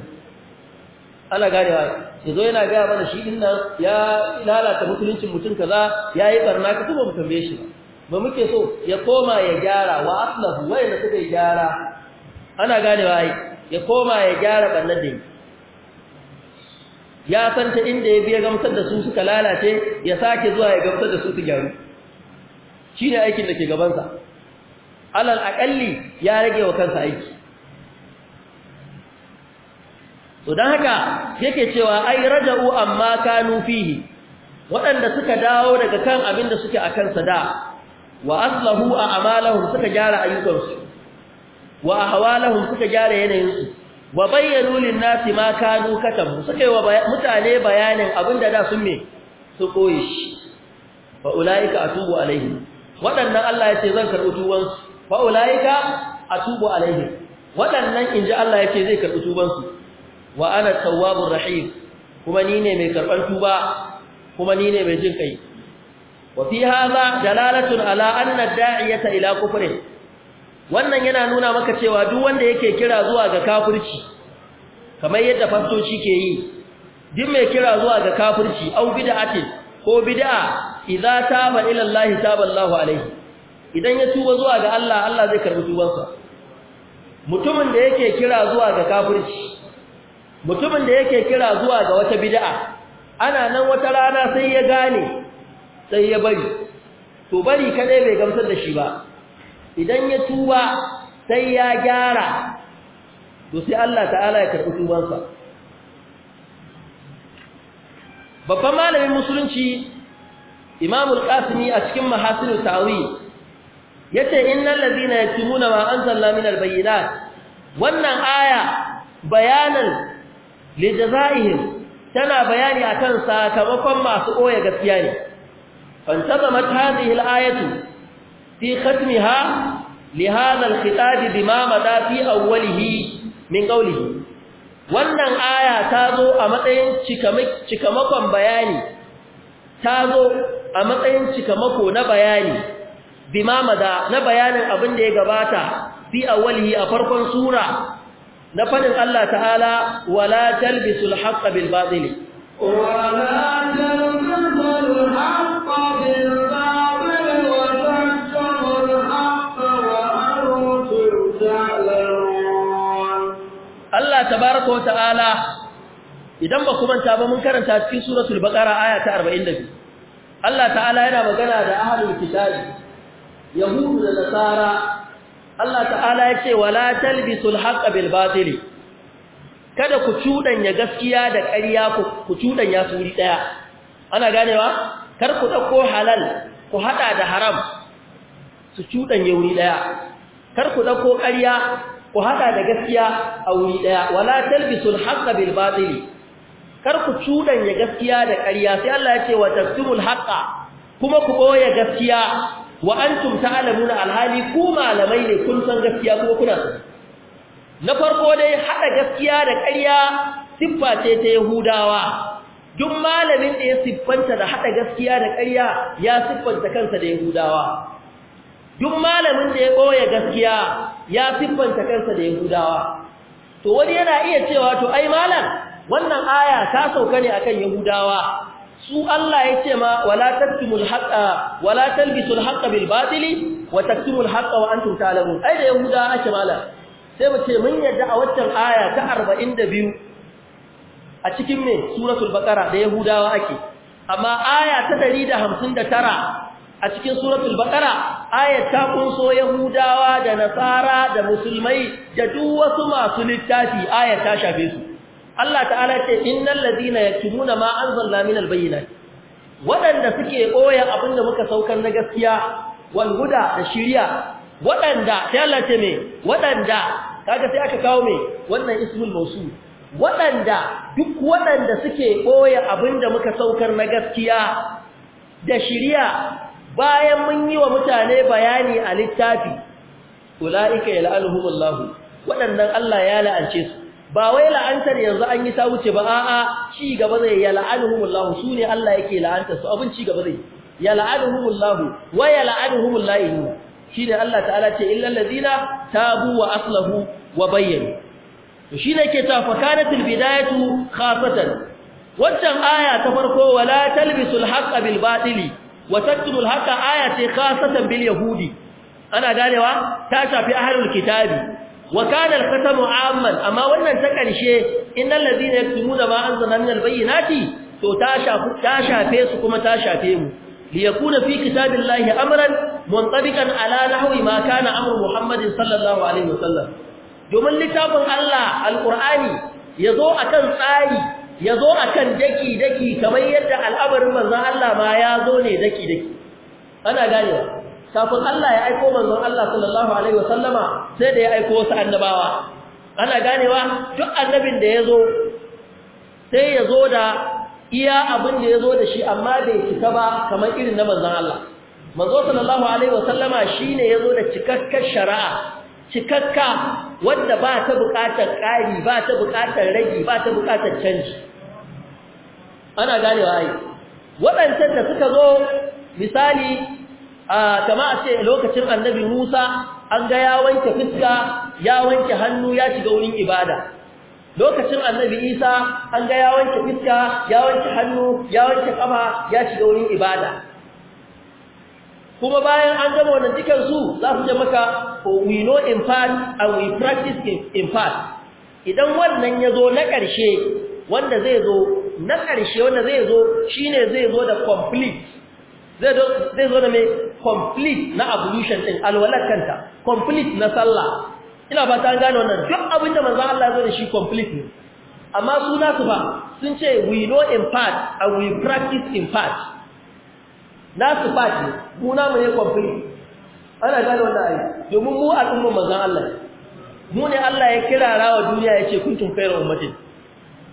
ana ganewa ya zo yana gaya mana shi din nan ya lalata mutuncin mutum kaza yayi barna ka kuma mu tambaye shi ba muke so ya koma ya gyara wa aslahu wai da suka gyara ana ganewa ya koma ya gyara barnar da yayi ya san ta inda ya biya gamsar da su suka lalace ya sake zuwa ya gamsar da su su gyaru shi ne aikin da ke gabansa alal aƙalli ya rage wa kansa aiki to dan haka yake cewa ai raja'u amma kanu fihi waɗanda suka dawo daga kan abin da suke a kansa da wa aslahu a amalahum suka gyara ayyukansu wa ahwalahum suka gyara yanayinsu wa bayyanu lin-nasi ma kanu katabu suke wa mutane bayanin abinda da sun me su koyi shi fa ulaika atubu alaihi wadannan Allah yace zan karbi tuban su fa ulaika atubu alaihi wadannan inji Allah yace zai karbi tuban su wa ana tawwabur rahim kuma ni ne mai karban tuba kuma ni ne mai jin kai wa fi hadha dalalatu ala anna da'iyata ila kufrin wannan yana nuna maka cewa duk wanda yake kira zuwa ga kafirci kamar yadda fastoci ke yi duk mai kira zuwa ga kafirci au bid'ati ko bid'a idza taba ila Allah taba Allah alaihi idan ya tuba zuwa ga Allah Allah zai karbi tubansa mutumin da yake kira zuwa ga kafirci mutumin da yake kira zuwa ga wata bid'a ana nan wata rana sai ya gane sai ya bari to bari kadai bai gamsar da shi ba idan ya tuba sai ya gyara to sai Allah ta'ala ya karɓi tubansa babban malamin musulunci Imam al-Qasimi a cikin mahasinul tawi yace innal ladina yaktumuna ma anzalna min al-bayyinat wannan aya bayanan lijazaihim tana bayani akan sakamakon masu oya gaskiya ne fantazamat hadhihi al-ayatu في ختمها لهذا الخطاب بما مدى في أوله من قوله wannan aya ta zo a matsayin cikamakon bayani ta zo a matsayin cikamako na bayani bima na bayanin abin da ya gabata fi awwalihi a farkon sura na fadin Allah ta'ala wala talbisul haqqa bil batil wala talbisul haqqa bil tabaraka wa ta'ala idan ba ku manta ba mun karanta cikin suratul baqara aya ta 42 Allah ta'ala yana magana da ahlul kitabi yahudu da nasara Allah ta'ala yace wala talbisul haqqa bil batili kada ku cudanya gaskiya da ƙarya ku cudanya su wuri daya ana ganewa kar ku dauko halal ku hada da haram su cudanya wuri daya kar ku dauko ƙarya ku hada da gaskiya a wuri daya wala talbisul haqqa bil batil kar ku cudan ya gaskiya da ƙarya sai Allah ya ce wa tastumul kuma ku boye gaskiya wa antum ta'lamuna alhali ku malamai ne kun san gaskiya kuma kuna na farko dai hada gaskiya da ƙarya siffa ce ta Yahudawa duk malamin da ya siffanta da hada gaskiya da ƙarya ya siffanta kansa da Yahudawa duk malamin da ya boye gaskiya ya siffanta kansa da yahudawa to wani yana iya cewa to ai malam wannan aya ta sauka ne akan yahudawa su Allah ya ce ma wala taktumul haqa wala talbisul haqa bil batili wa taktumul haqa wa antum ta'lamun ai da yahudawa ake malam sai mu ce mun yadda a waccan aya ta 42 a cikin me suratul baqara da yahudawa ake amma aya ta 159 a cikin suratul baqara ayat ta kunso yahudawa da nasara da musulmai da duk wasu masu littafi ayat ta shafe su Allah ta'ala ce innal ladina yaktumuna ma anzalna minal bayyinati wadanda suke koya abinda muka saukar na gaskiya wal huda da shiriya wadanda sai Allah ce me wadanda kaga sai aka kawo me wannan ismul mawsul wadanda duk wadanda suke koya abinda muka saukar na gaskiya da shiriya bayan mun yi wa mutane bayani a littafi ulaika yal'anuhumullahu waɗannan Allah ya la'ance su ba wai la'antar yanzu an yi ta wuce ba a'a ci gaba zai ya la'anuhumullahu su ne Allah yake la'anta su abin ci gaba zai ya la'anuhumullahu wa ya la'anuhumullahi shine Allah ta'ala ce illal ladina tabu wa aslahu wa bayyanu to shine yake ta fakanatul bidayatu khafatan wannan aya ta farko wala talbisul haqqo bil batili wa tatlul haka aya ce khasatan bil yahudi ana ganewa ta shafi ahlul kitabi wa kasa al amma wannan ta karshe innal ladina yaktumuna ma anzalna min al-bayyinati to ta shafi ta shafe su kuma ta shafe mu liyakuna fi kitabillahi amran muntabiqan ala nahwi ma kana amru muhammadin sallallahu alaihi wasallam domin littafin Allah al zo yazo akan tsari ya zo a kan daki-daki kamar yadda al'amarin manzan Allah ma ya zo ne daki-daki ana ganewa kafin Allah ya aiko manzan Allah sallallahu Alaihi wasallama sai da ya aiko wasu annabawa ana ganewa duk annabin da ya zo sai ya zo da iya abin da ya zo da shi amma bai cika ba kamar irin na manzan Allah manzo sallallahu Alaihi wasallama shi ne ya zo da cikakkar shari'a cikakka wanda ba ta buƙatar ƙari ba ta buƙatar ragi ba ta buƙatar canji ana ganewa ai waɗancan da suka zo misali a kama a ce lokacin annabi Musa an ga ya wanke fuska ya wanke hannu ya shiga wurin ibada lokacin annabi Isa an ga ya wanke fuska ya wanke hannu ya wanke kafa ya shiga wurin ibada kuma bayan an gama wannan dukan su za su je maka oh, we know in fact and we practice in fact. idan wannan ya zo na ƙarshe wanda zai zo na ƙarshe wanda zai zo shi ne zai zo da complete zai zo da mai complete na ablution din kanta complete na sallah ina ba ta gane wannan duk abin da manzo Allah zo da shi complete ne amma su za su ba sun ce we know in part and we practice in part na su part ne mu na mu ne complete ana gane wannan ayi domin mu al'ummar manzo Allah mu ne Allah ya kirara wa duniya yace kuntum khairu ummatin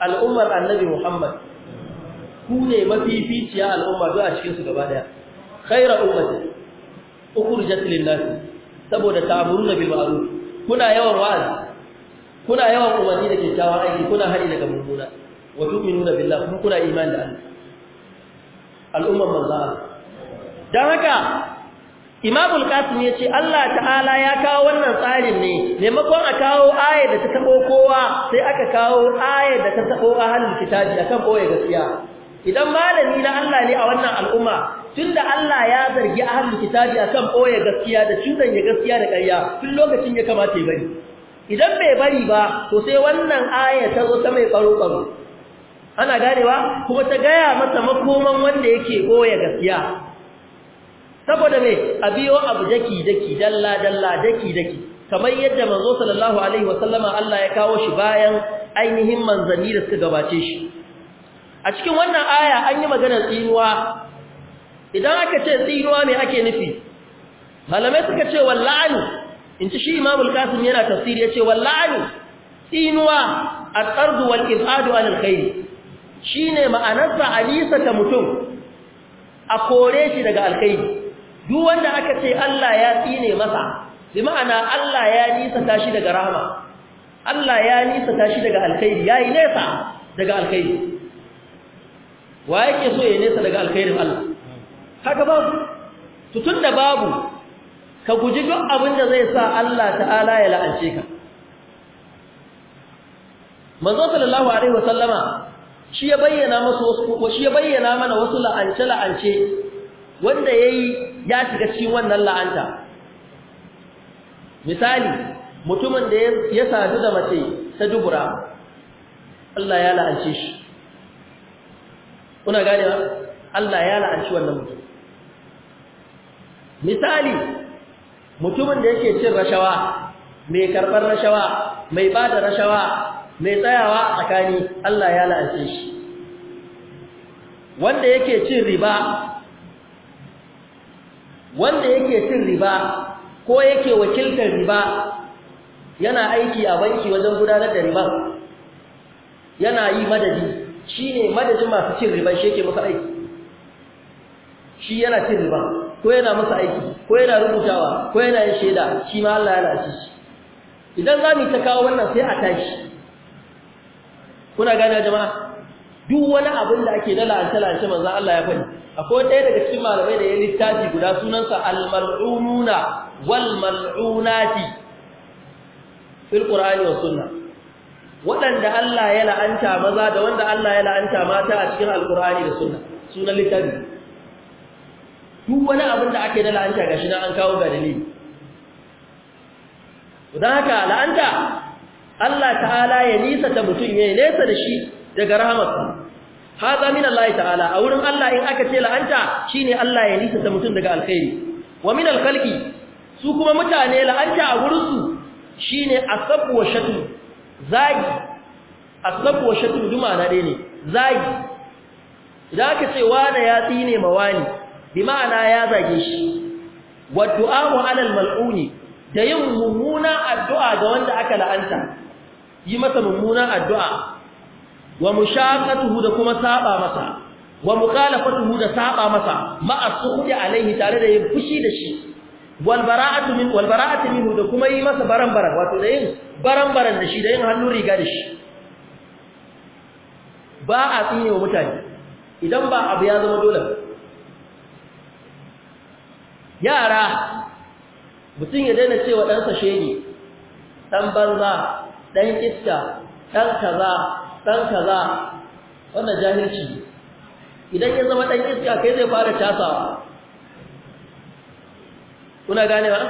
al'ummar annabi Muhammad ku ne mafificiya al'umma zuwa cikin su gaba daya khaira ummati ukhrijat lin-nas saboda ta'muruna bil ma'ruf kuna yawan wa'azi kuna yawan umarni da kyakkyawan aiki kuna haɗi daga mummuna wa tu'minuna billahi kuma kuna imani da Allah Al'ummar manzo dan haka Imam al-Qasim yace Allah ta'ala ya kawo wannan tsarin ne maimakon a kawo ayar da ta tabo kowa sai aka kawo ayar da ta tabo ahlul kitabi akan boye gaskiya idan malami na Allah ne a wannan al'umma tunda Allah ya zargi ahlul kitabi akan boye gaskiya da cudan ya gaskiya da ƙarya tun lokacin ya kamata ya bari idan bai bari ba to sai wannan ayar ta zo ta mai karo karo ana ganewa kuma ta gaya masa makoman wanda yake boye gaskiya saboda me a biyo abu daki daki dalla dalla daki daki kamar yadda manzo sallallahu alaihi wasallama Allah ya kawo shi bayan ainihin manzanni da suka gabace shi a cikin wannan aya an yi maganar tsinuwa idan aka ce tsinuwa me ake nufi malamai suka ce walla'anu in ci shi imamul qasim yana tafsiri yace walla'anu tsinuwa at-tardu wal ifadu anil khair shine ma'anarsa a nisa ta mutum a kore shi daga alkhairi duk wanda aka ce Allah ya tsine masa bi ma'ana Allah ya nisa tashi daga rahama Allah ya nisa tashi daga alkhairi yayi nesa daga alkhairi wa yake so ya nesa daga alkhairin Allah haka babu to tunda babu ka guji duk abin da zai sa Allah ta'ala ya la'ance ka manzo sallallahu alaihi wasallama shi ya bayyana musu wasu shi ya bayyana mana wasu la'ance la'ance wanda yayi ya shiga cikin wannan la'anta misali mutumin da ya sadu da mace ta dubura Allah ya la'ance shi kuna gane Allah ya la'anci wannan mutum misali mutumin da yake cin rashawa mai karbar rashawa mai bada rashawa mai tsayawa tsakani Allah ya la'ance shi wanda yake cin riba wanda yake cin riba ko yake wakiltar riba yana aiki a banki wajen gudanar da riba yana yi madadi shine madadin masu cin riba shi yake musu aiki shi yana cin riba ko yana musu aiki ko yana rubutawa ko yana yin shaida shi ma Allah yana ci idan za mu ta kawo wannan sai a tashi kuna gane jama'a duk wani abin da ake dala lance manzo Allah ya faɗi akwai ɗaya daga cikin malamai da ya littafi guda sunansa al-mal'ununa wal mal'unati fil qur'ani was sunna waɗanda Allah ya la'anta maza da wanda Allah ya la'anta mata a cikin al-qur'ani da sunna sunan littafi duk wani abin da ake dala la'anta gashi na an kawo ga dalili don haka la'anta Allah ta'ala ya nisa ta mutum ya nesa da shi daga rahamarsa haza min Allah ta'ala a wurin Allah in aka ce la'anta shine Allah ya nisa mutum daga alkhairi wa min alkhalqi su kuma mutane la'anta a wurin su shine asab wa shatu zagi asab wa shatu duma na dai ne zagi idan aka ce wani ya tsine mawani bi ma'ana ya zage shi wa du'a ala maluni da yin mummuna addu'a ga wanda aka la'anta yi masa mummuna addu'a wa mushaqatuhu da kuma saba masa wa mukhalafatuhu da saba masa ma'a sukhdi alaihi tare da yin fushi da shi wal bara'atu min wal bara'atu minhu da kuma yi masa baran-baran wato da yin baran-baran da shi da yin hannu riga da shi ba a tsine wa mutane idan ba abu ya zama dole yara mutum ya daina cewa ɗansa shege ɗan banza ɗan iska ɗan kaza dan kaza wannan jahilci idan ya zama dan iska kai zai fara tasawa kuna ganewa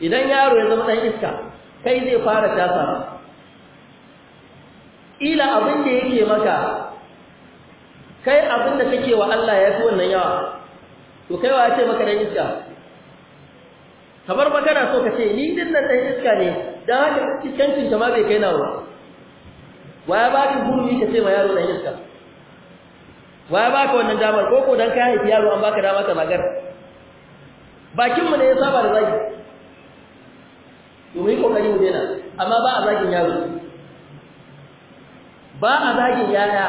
idan yaro ya zama dan iska kai zai fara tasa. ila abin da yake maka kai abin da kake wa Allah ya fi wannan yawa to kai wa ya ce maka dan iska kamar magana so ka ce ni din nan dan iska ne dan haka iskancin ta ma bai kai nawa waya ba ka hurumi ka ce ma yaro da iska waya ba ka wannan damar ko ko dan ka haifi yaro an baka dama ka magar bakin mu ne ya saba da zaki. domin ko yi kokari mu amma ba a zagin yaro ba a zagin yaya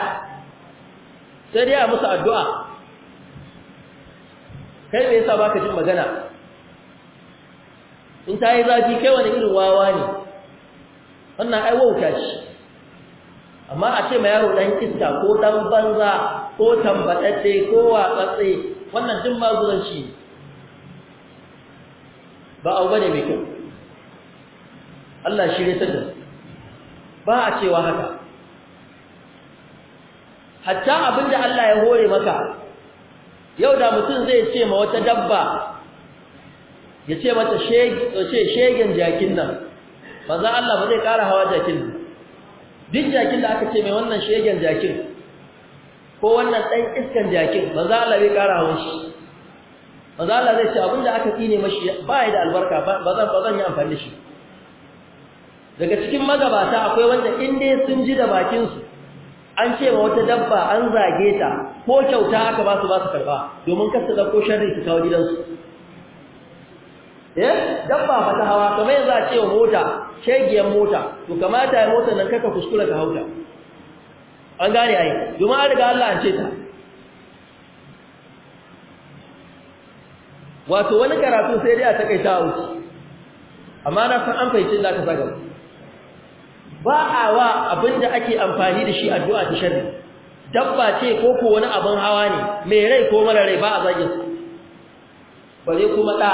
sai dai a musu addu'a kai me yasa baka jin magana in ta yi zafi kai wani irin wawa ne wannan ai wauta shi amma a ce ma yaro dan iska ko dan banza ko tambatacce ko watsatse wannan duk mazuranci ne ba abu bane mai kyau Allah shi ne tada ba a cewa haka hatta abinda Allah ya hore maka yau da mutum zai ce ma wata dabba ya ce mata shegen jakin nan za Allah ba zai ƙara hawa jakin nan duk jakin da aka ce mai wannan shegen jakin ko wannan ɗan iskan jakin ba za a lare ƙara hawan shi ba za a zai ce abinda aka tsine mashi ba ya da albarka ba zan yi amfani da shi daga cikin magabata akwai wanda in dai sun ji da bakinsu an ce ma wata dabba an zage ta ko kyauta aka ba su ba su karɓa domin kar su ɗauko sharri su kawo gidansu eh dabba ba ta hawa kamar yanzu a ce mota shegiyar mota to kamata ya motar nan kaka kuskura ka hauta an gane ai domin an riga Allah an ce ta wato wani karatu sai dai a takaita a wuce amma na san an fahimci da aka saka ba a wa abinda ake amfani da shi addu'a ta sharri dabba ce ko ko wani abin hawa ne mai rai ko mara rai ba a zagin su bare kuma da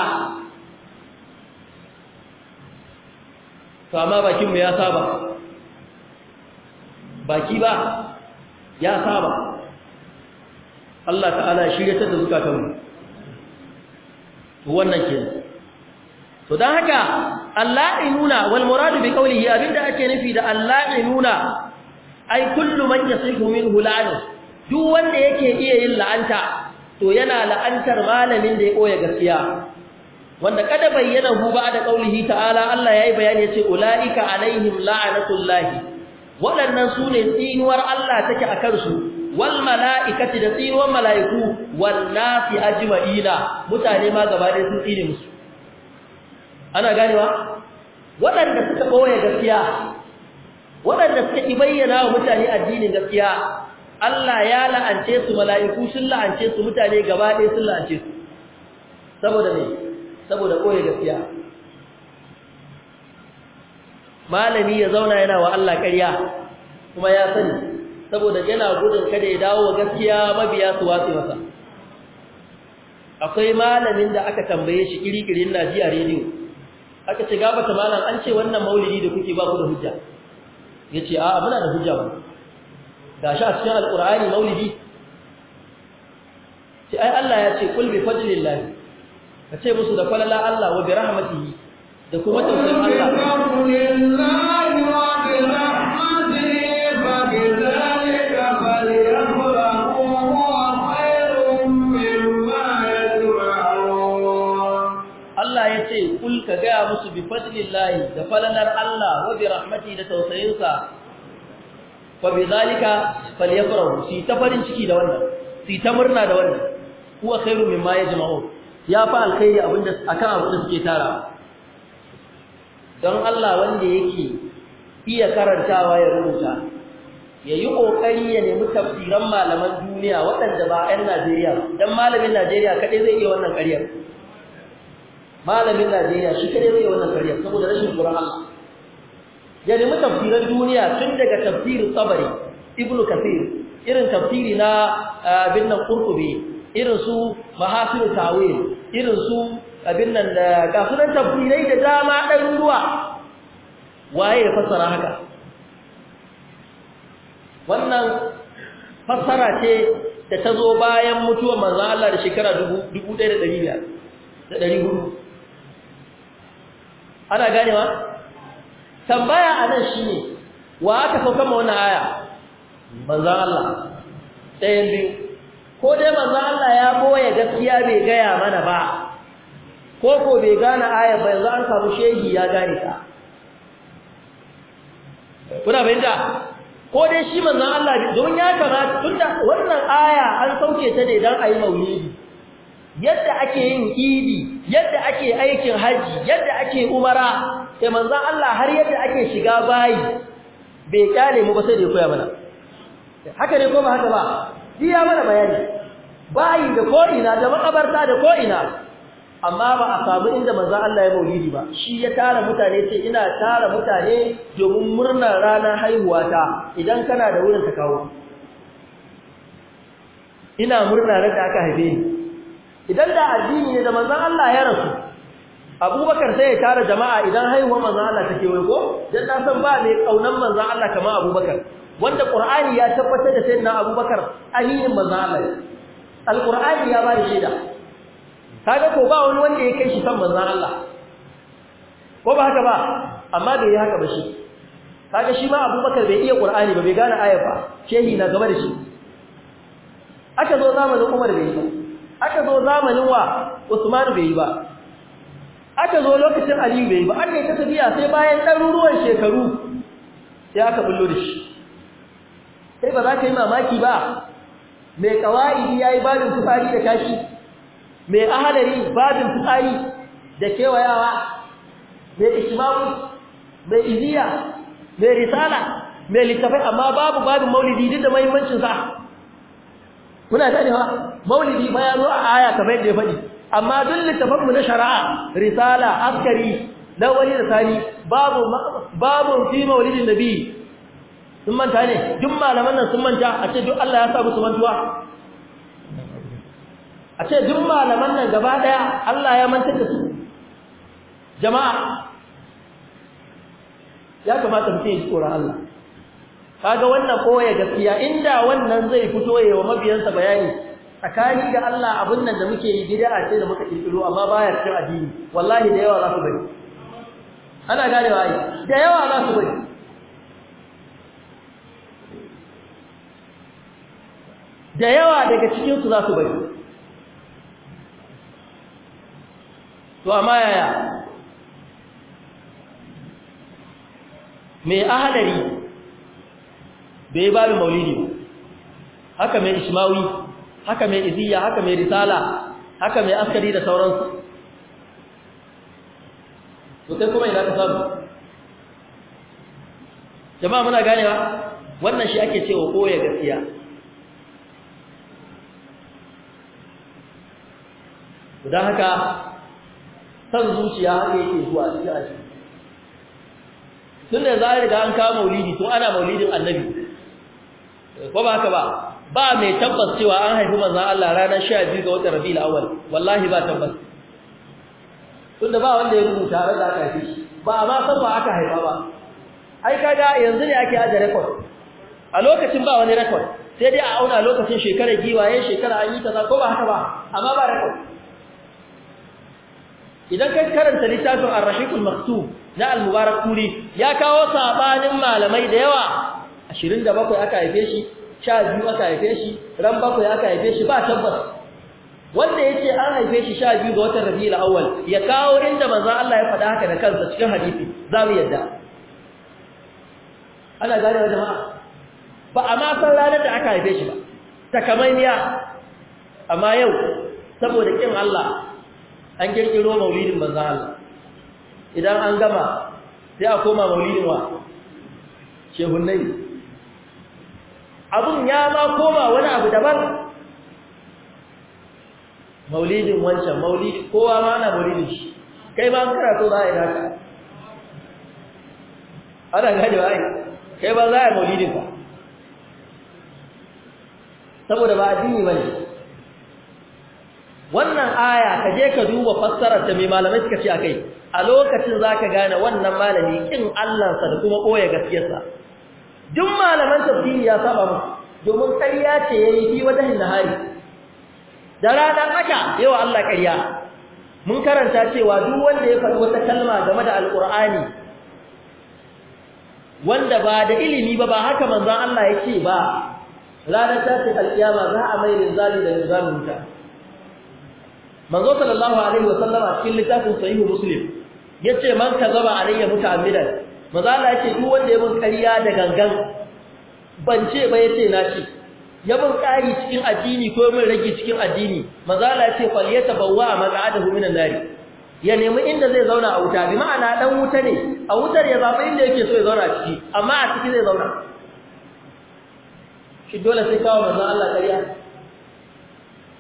to amma bakinmu ya saba baki ba ya saba Allah ta'ala shirya ta zukatanmu to wannan ke. to dan haka alla'inuna wal muradu bi qawlihi abinda ake nufi da alla'inuna ai kullu man yasihu minhu la'an duk wanda yake iya yin la'anta to yana la'antar malamin da ya koya gaskiya wanda kada bayyana hu ba da kaulihi ta'ala Allah yayi bayani yace ulaika alaihim la'natullah waɗannan sune tsinuwar Allah take akan su wal mala'ikati da tsinuwar mala'iku wan nasi ajma'ina mutane ma gaba da sun tsine musu ana ganewa Wadanda suka boye gaskiya wadanda suka bayyana wa mutane addinin gaskiya Allah ya la'ance su mala'iku sun la'ance su mutane gaba ɗaya sun la'ance su saboda me saboda koyi gaskiya malami ya zauna yana wa Allah ƙarya kuma ya sani saboda yana gudun kada ya dawo wa gaskiya mabiya su wasu masa akwai malamin da aka tambaye shi kirkirin Najeriya rediyo aka ce gabata malam an ce wannan maulidi da kuke ba ku da hujja yace a'a muna da hujja ba Da a cikin alqur'ani maulidi sai ai Allah ya ce kul bi fadlillahi ka ce musu da falala Allah wa bi rahmatihi da kuma tausayin Allah ya ce ka gaya musu bi fadlillahi da falalar Allah wa bi rahmati da tausayinsa fa bi zalika falyafrahu si ta farin ciki da wannan si ta murna da wannan huwa khairu mimma yajma'u ya fa alkhairi abinda akan abinda suke tara don Allah wanda yake iya karantawa ya rubuta ya yi ƙoƙari ya nemi tafsiran malaman duniya waɗanda ba 'yan Najeriya dan malamin Najeriya kade zai iya wannan ƙaryar malamin Najeriya shi kade zai iya wannan ƙaryar saboda rashin tsoron ya nemi tafsiran duniya tun daga tafsirin Tabari Ibn Kathir irin tafsiri na ah, binna Qurtubi irin su mahasiru tawil irin su abin nan da kafinan sunan tafsirai da dama ruwa waye ya fassara haka wannan fassara ce da ta zo bayan mutuwar manzon Allah da shekara 1400 ana ganewa tambaya anan shine wa aka sauka ma wannan aya manzon Allah ɗayan biyu ko dai manzo Allah ya boye gaskiya bai gaya mana ba ko ko bai gane ayar ba yanzu an samu shehi ya gane ta kuna bayyana ko dai shi manzo Allah don ya kamata tunda wannan aya an sauke ta ne dan ayi maulidi yadda ake yin idi yadda ake aikin haji yadda ake umara sai manzo Allah har yadda ake shiga bayi bai kyale mu ba sai da koya mana haka ne ko ba haka ba shi ya mana bayani bayi da ko'ina da makabarta da ko'ina amma ba a samu inda manzo Allah ya maulidi ba shi ya tara mutane ce ina tara mutane domin murnar ranar haihuwata idan kana da wurin ta kawo ina murna da aka haife ni idan da addini ne da manzo Allah ya rasu Abubakar sai ya tara jama'a idan haihuwar manzo Allah take wai ko dan na san ba mai kaunan manzo Allah kamar Abubakar wanda qur'ani ya tabbatar da sayyidina abubakar aminin manzo Allah alqur'ani ya bari shaida kaga ko ba wani wanda ya kai shi san manzo Allah ko ba haka ba amma bai yi haka ba shi kaga shi ma abubakar bai iya qur'ani ba bai gane ayat ba shehi na gaba da shi aka zo zamanin umar bai yi ba aka zo zamanin wa usman bai yi ba aka zo lokacin aliyu bai yi ba aka yi ta tafiya sai bayan ɗaruruwan shekaru sai aka bullo da shi kai ba za ka yi mamaki ba mai kawai ya yi babin fitsari da kashi mai ahalari babin fitsari da kewayawa mai ishimamu mai iziya mai risala mai littafai amma babu babin maulidi duk da mahimmancinsa kuna ganewa maulidi ba ya zo a aya kamar yadda ya faɗi amma duk littafanmu na shari'a risala askari na wani da sani babu babu fi maulidin nabi sun manta ne duk malaman nan sun manta a ce duk Allah ya sa musu mantuwa a ce duk malaman nan gaba daya Allah ya mantar da su jama'a ya kamata mu ya tsoron Allah kaga wannan koya gaskiya inda wannan zai fito yayin wa mabiyansa bayani tsakani da Allah abin nan da muke yi bid'a ce da muka kirkiro amma baya cikin addini wallahi da yawa za su bari ana ganewa ai da yawa za su bari da yawa daga cikin su za su bari to amma yaya mai ahadari bai babin maulidi haka mai ishmawi haka mai iziya haka mai risala haka mai askari da sauransu to kai kuma ina ka samu jama'a muna ganewa wannan shi ake cewa koya gaskiya don haka san zuciya haka yake zuwa cikin aji tun da za a riga an kawo maulidi tun ana maulidin annabi ko ba haka ba ba mai tabbas cewa an haifi manzan Allah ranar sha biyu ga watan rabi'ul awwal wallahi ba tabbas tunda ba wanda ya rubuta har da aka haife shi ba amma ma san ba aka haifa ba ai kaga yanzu ne ake aje record a lokacin ba wani record sai dai a auna lokacin shekarar giwaye shekara an yi za ko ba haka ba amma ba record idan kai karanta littafin ar-rahiqul maktub na al-mubarak kuri ya kawo sabanin malamai da yawa 27 aka haife shi 12 aka haife shi ran bakwai aka haife shi ba tabbas wanda yace an haife shi 12 ga watan rabiul awwal ya kawo inda manzo Allah ya faɗa haka da kansa cikin hadisi za mu yadda ana gane wa jama'a ba a ma san ranar da aka haife shi ba takamaimiya amma yau saboda kin Allah an kirkiro maulidin manzan Allah idan an gama sai a koma maulidin wa nai abun ya ma koma wani abu daban maulidin wancan maulidi kowa ma ana maulidin shi kai ba karatu za a yi naka ana gani ba kai ba za a yi maulidin ba saboda ba addini ba ne wannan aya ka je ka duba fassarar ta mai malamai suka ce akai a lokacin zaka gane wannan malami kin Allah sa da kuma koya sa. duk malaman tafsiri ya saba musu domin ƙarya ce yayi fi wata nahari da rana tsaka yawa Allah ƙarya mun karanta cewa duk wanda ya faɗi wata kalma game da alƙur'ani wanda ba da ilimi ba ba haka manzon Allah yake ba ranar tashin alƙiyama za a mai rinzali da rinzalin manzo sallallahu alaihi wasallam a cikin littafin sahihu muslim yace man kazaba alayya muta'ammidan manzo Allah yace duk wanda ya mun ƙarya da gangan ban ce ba yace na ce ya mun cikin addini ko mun rage cikin addini manzo Allah yace fal yatabawwa maq'adahu minan nari ya nemi inda zai zauna a wuta bi ma'ana dan wuta ne a wutar ya zaba inda yake so ya zauna ciki amma a ciki zai zauna shi dole sai kawo manzo Allah kariya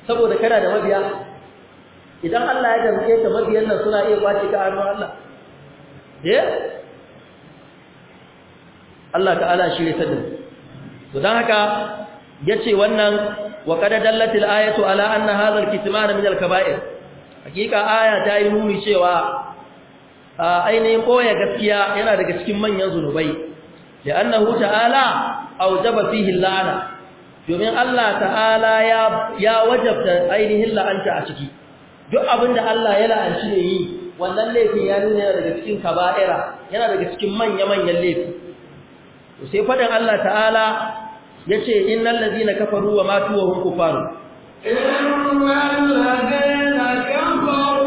saboda kana da mabiya idan Allah ya damke ta mabiyan nan suna iya kwace ka hannun Allah eh Allah ta'ala shi ne sadin to dan haka yace wannan wa qad dallatil ayatu ala anna hadha al-kitman min al hakika aya ta yi nuni cewa ainihin koya gaskiya yana daga cikin manyan zunubai li'annahu ta'ala awjaba fihi al-la'na domin Allah ta'ala ya ya wajabta ainihin la'anta a ciki duk abin da Allah ya la'anci ne yi wannan laifin ya nuna daga cikin kaba'ira yana daga cikin manya-manyan laifi to sai faɗin Allah ta'ala yace innal ladina kafaru wa matu wa hum kufar innal ladina kafaru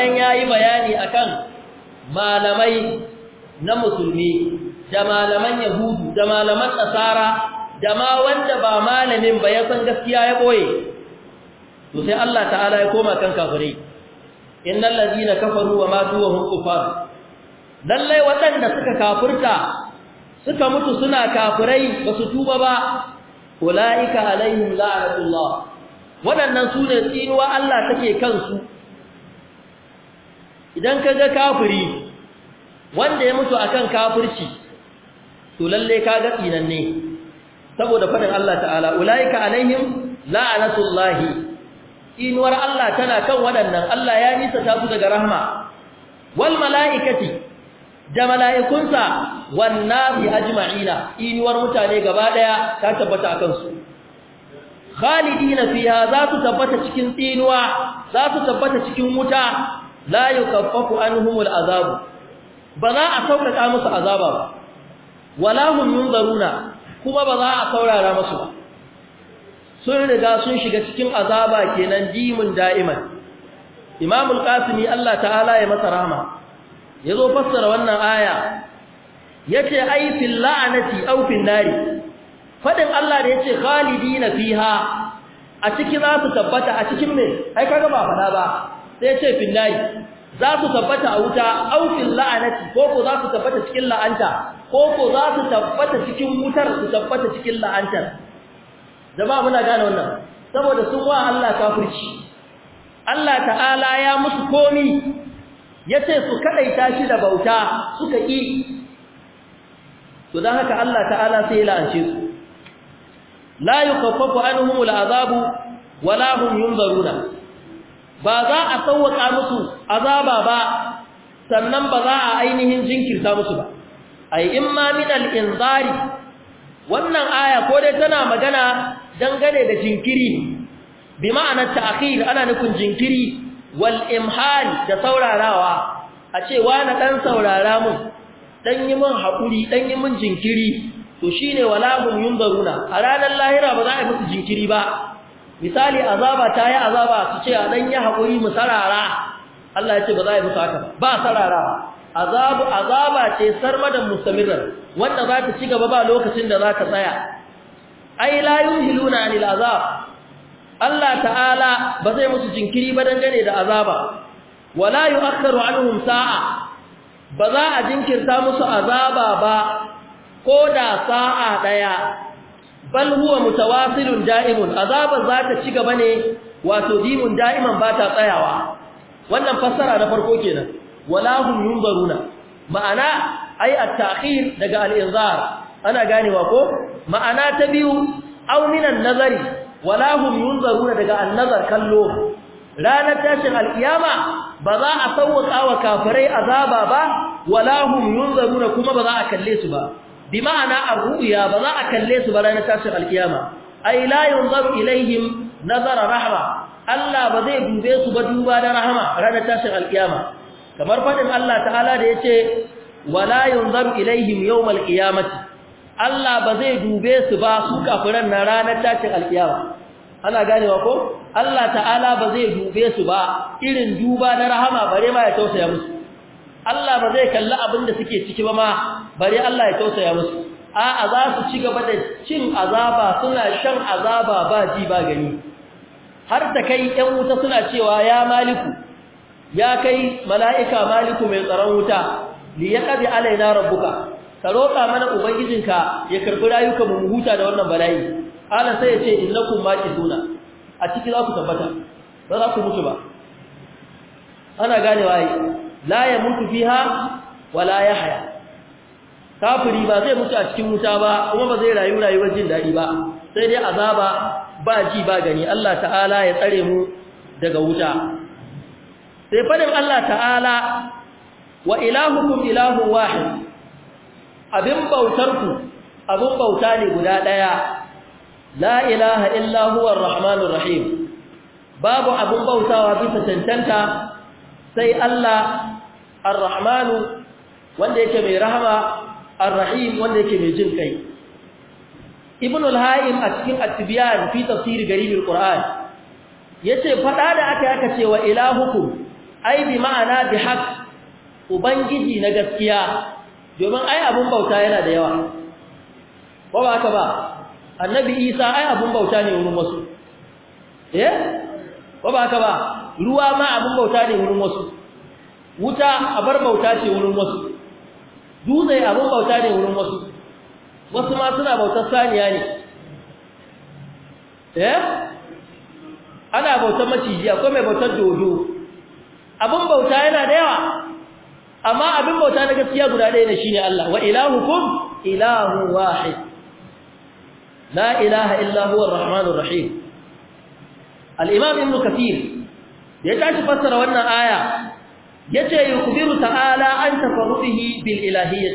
bayan ya yi bayani a kan malamai na musulmi da malaman yahudu da malaman nasara da ma wanda ba malamin ba ya san gaskiya ya boye to sai Allah ta'ala ya koma kan kafirai innal ladina kafaru wa matu wa hum kufar Lallai waɗanda suka kafirta suka mutu suna kafirai ba su tuba ba ulaika alaihim la'natullah waɗannan su ne tsinuwa Allah take kansu idan ka ga kafiri wanda ya mutu akan kafirci to lalle ka ga tsinanne saboda fadin Allah ta'ala ulaika alaihim la'anatullahi inuwar Allah tana kan waɗannan Allah ya nisa ta su daga rahma wal mala'ikati da mala'ikunsa wan nabi ajma'ina inuwar mutane gaba daya ta tabbata akan su khalidina fiha za su tabbata cikin tsinuwa za su tabbata cikin wuta la yukaffafu anhumul azab ba za a sauƙaƙa musu azaba ba wala hum yunzaruna kuma ba za a saurara musu ba sun riga sun shiga cikin azaba kenan dimun da'iman imamul qasimi Allah ta'ala ya masa rahama yazo fassara wannan aya yace ai fil la'anati aw fil nari fadin Allah da yace khalidina fiha a ciki za su tabbata a cikin me ai kaga ba fada ba sai ce fillahi za su tabbata a wuta aukin fil la'anati ko ko za su tabbata cikin la'anta ko ko za su tabbata cikin wutar su tabbata cikin la'antar jama'a muna gane wannan saboda sun wa Allah kafirci Allah ta'ala ya musu komi yace su kadaita shi da bauta suka ki to dan haka Allah ta'ala sai ya la'ance su la yukaffafu anhumul azabu wala hum yunzaruna ba za a sauwaka musu azaba ba sannan ba za a ainihin jinkirta musu ba ai ma min al-inzari wannan aya ko dai tana magana dangane da jinkiri bi ma'anar ta'khir ana nufin jinkiri wal imhal da saurarawa a ce na dan saurara mun dan yi mun hakuri dan yi mun jinkiri to shine wala hum yunzaruna a ranar lahira ba za a musu jinkiri ba misali azaba ta yi azaba su ce a dan yi haƙuri mu sarara Allah ya ce ba za a yi musaka ba sarara azaba ce sarmadan musamman wanda za ta ci gaba ba lokacin da za ta tsaya ai la yuhiluna anil azab Allah ta'ala ba zai musu jinkiri ba dangane da azaba wala yu'akkaru anhum sa'a ba za a jinkirta musu azaba ba ko da sa'a ɗaya. bal huwa mutawasilun da'imun azabar za ta ci gaba ne wato dimun da'iman ba ta tsayawa wannan fassara na farko kenan wala hum yunzaruna ma'ana ai at-ta'khir daga al-inzar ana ganewa ko ma'ana ta biyu aw minan nazari wala hum yunzaruna daga an-nazar kallo ranar tashin al ba za a sauwaka wa kafirai azaba ba wala hum yunzaruna kuma ba za a kalle su ba bi ma'ana ar-ru'ya ba za a kalle su ba ranar tashin alkiyama ai la yunzaru ilaihim nazara rahma Allah ba zai dube su ba duba da rahama ranar tashin alkiyama kamar faɗin Allah ta'ala da yace wala yunzaru ilaihim yawmal qiyamati Allah ba zai dube su ba su kafiran na ranar tashin ana ko Allah ta'ala ba zai dube su ba irin duba na rahama bare ma ya tausaya musu Allah ba zai kalli abin da suke ciki ba ma bari Allah ya tausaya musu a za su ci gaba da cin azaba suna shan azaba ba ji ba gani har ta kai ƴan wuta suna cewa ya maliku ya kai mala'ika maliku mai tsaron wuta li yaqdi alaina rabbuka ka roƙa mana ubangijinka ya karɓi rayuka mu huta da wannan bala'i Allah sai ya ce innakum maqiduna a ciki za ku tabbata ba za ku mutu ba ana ganewa yi la ya mutu fiha wala haya. kafiri ba zai mutu a cikin wuta ba kuma ba zai rayu rayuwar jin daɗi ba sai dai azaba ba ji ba gani Allah ta'ala ya tsare mu daga wuta sai fadin Allah ta'ala wa ilahukum ilahu wahid abin bautarku abin bauta ne guda ɗaya. la ilaha illa huwa arrahmanur rahim babu abin bautawa bisa tantanta sai Allah ar-rahmanu wanda yake mai rahama ar-rahim wanda yake mai jin kai ibn al-haim a cikin at-tibyan fi tafsir garib al-qur'an yace fada da aka aka cewa ilahukum ai bi ma'ana bi haqq ubangiji na gaskiya domin ai abun bauta yana da yawa ba ba haka ba annabi isa ai abun bauta ne wurin wasu eh ba ba haka ba ruwa ma abun bauta ne wurin wasu wuta abar bauta ce wurin wasu dutse abin bauta ne wurin wasu wasu ma suna bautar saniya ne eh ana bautar maciji akwai mai bautar dodo abin bauta yana da yawa amma abin bauta na gaskiya guda ɗaya ne shine Allah wa ilahukum ilahu wahid la ilaha illa huwa arrahmanur rahim al-imam ibn kathir ya tashi fassara wannan aya yace yukhbiru ta'ala an tafarrudihi bil ilahiyyah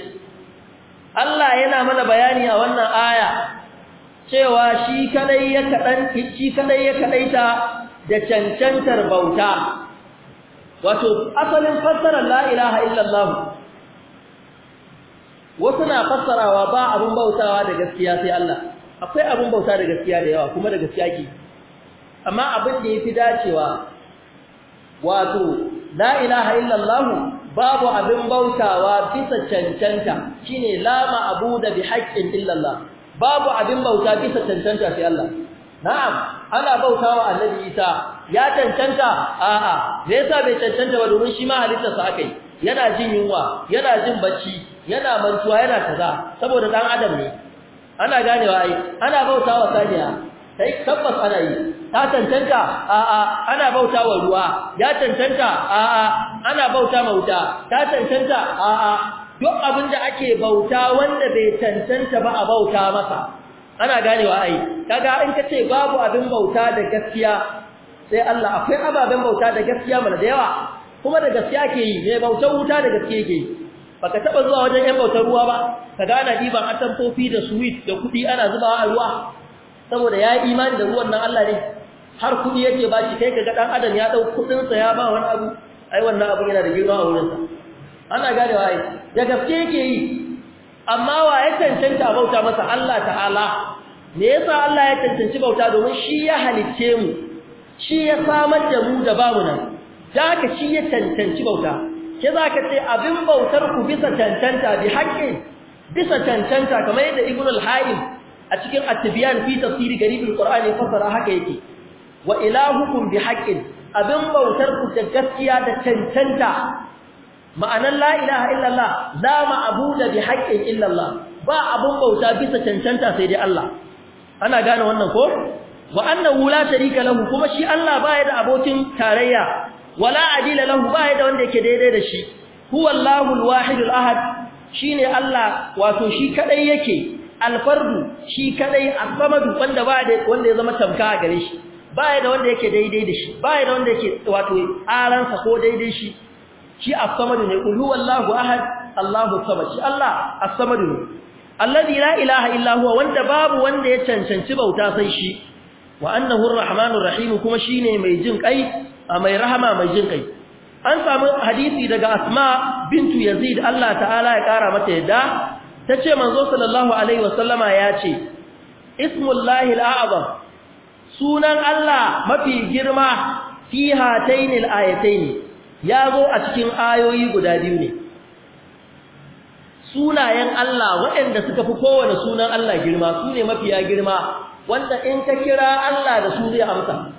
Allah yana mana bayani a wannan aya cewa shi kadai ya kadan shi kadai ya kadaita da cancantar bauta wato asalin fassara la ilaha illallah wasu na fassarawa ba abun bautawa da gaskiya sai Allah akwai abun bauta da gaskiya da yawa kuma da gaskiya ke amma abin da yafi dacewa wato la ilaha illallah babu abin bautawa bisa cancanta shine la ma'budu bi haqqin illallah babu abin bauta bisa cancanta sai Allah na'am ana bautawa annabi Isa ya cancanta a'a me yasa bai cancanta ba domin shi ma sa akai yana jin yunwa yana jin bacci yana mantuwa yana kaza saboda dan adam ne ana ganewa ai ana bautawa saniya sai tabbas ana yi ta tantanta a a ana bauta wa ruwa ya tantanta a a ana bauta ma wuta ta tantanta a a duk abin da ake bauta wanda bai tantanta ba a bauta masa ana ganewa ai kaga in kace babu abin bauta da gaskiya sai Allah akwai ababen bauta da gaskiya mana da yawa kuma da gaskiya ke yi ne bautar wuta da gaskiya ke yi baka taba zuwa wajen yan bautar ruwa ba ka ana diban atamfofi da suite da kudi ana zubawa a ruwa saboda ya yi imani da ruwan nan Allah ne har kuɗi yake ba shi kai ga dan adam ya kudin sa ya ba wani abu ai wannan abu yana da girma a wurinsa ana ganewa ai da gaske yake yi amma wa ya cancanta bauta masa Allah ta'ala me yasa Allah ya cancanci bauta domin shi ya halicce mu shi ya samar da mu da bamu nan da haka shi ya tantance bauta ke za ka ce abin bautar ku bisa tantanta, bi haƙƙi, bisa tantanta kamar yadda ibnul haim a cikin at fi tafsiri garibul qur'ani fasara haka yake wa ilahukum bihaqqin abin bautar ku da gaskiya da cancanta ma'anar la ilaha illallah la ma'budu bihaqqin illallah ba abin bauta bisa cancanta sai dai Allah ana gane wannan ko wa annahu la sharika lahu kuma shi Allah baya da abokin tarayya wala adila lahu baya da wanda yake daidai da shi huwallahu alwahidul ahad shine Allah wato shi kadai yake alfardu shi kadai asamadu wanda ba da wanda ya zama tamka a gare shi baya da wanda yake daidai da shi baya da wanda yake wato aransa ko daidai shi shi samadu ne qul huwallahu ahad allahu samad shi allah asamadu ne alladhi la ilaha illa huwa wanda babu wanda ya cancanci bauta sai shi wa annahu arrahmanur rahim kuma shine mai jin kai mai rahama mai jin kai an samu hadisi daga asma bintu yazid allah ta'ala ya kara mata yadda Ta ce manzo sallallahu alaihi wasallama ce, ismullahi al'azam sunan Allah mafi girma fi hatainil ayataini yazo a cikin ayoyi guda biyu ne sunayen Allah waɗanda suka fi kowane sunan Allah girma su ne mafiya girma wanda in ka kira Allah da su zai amsa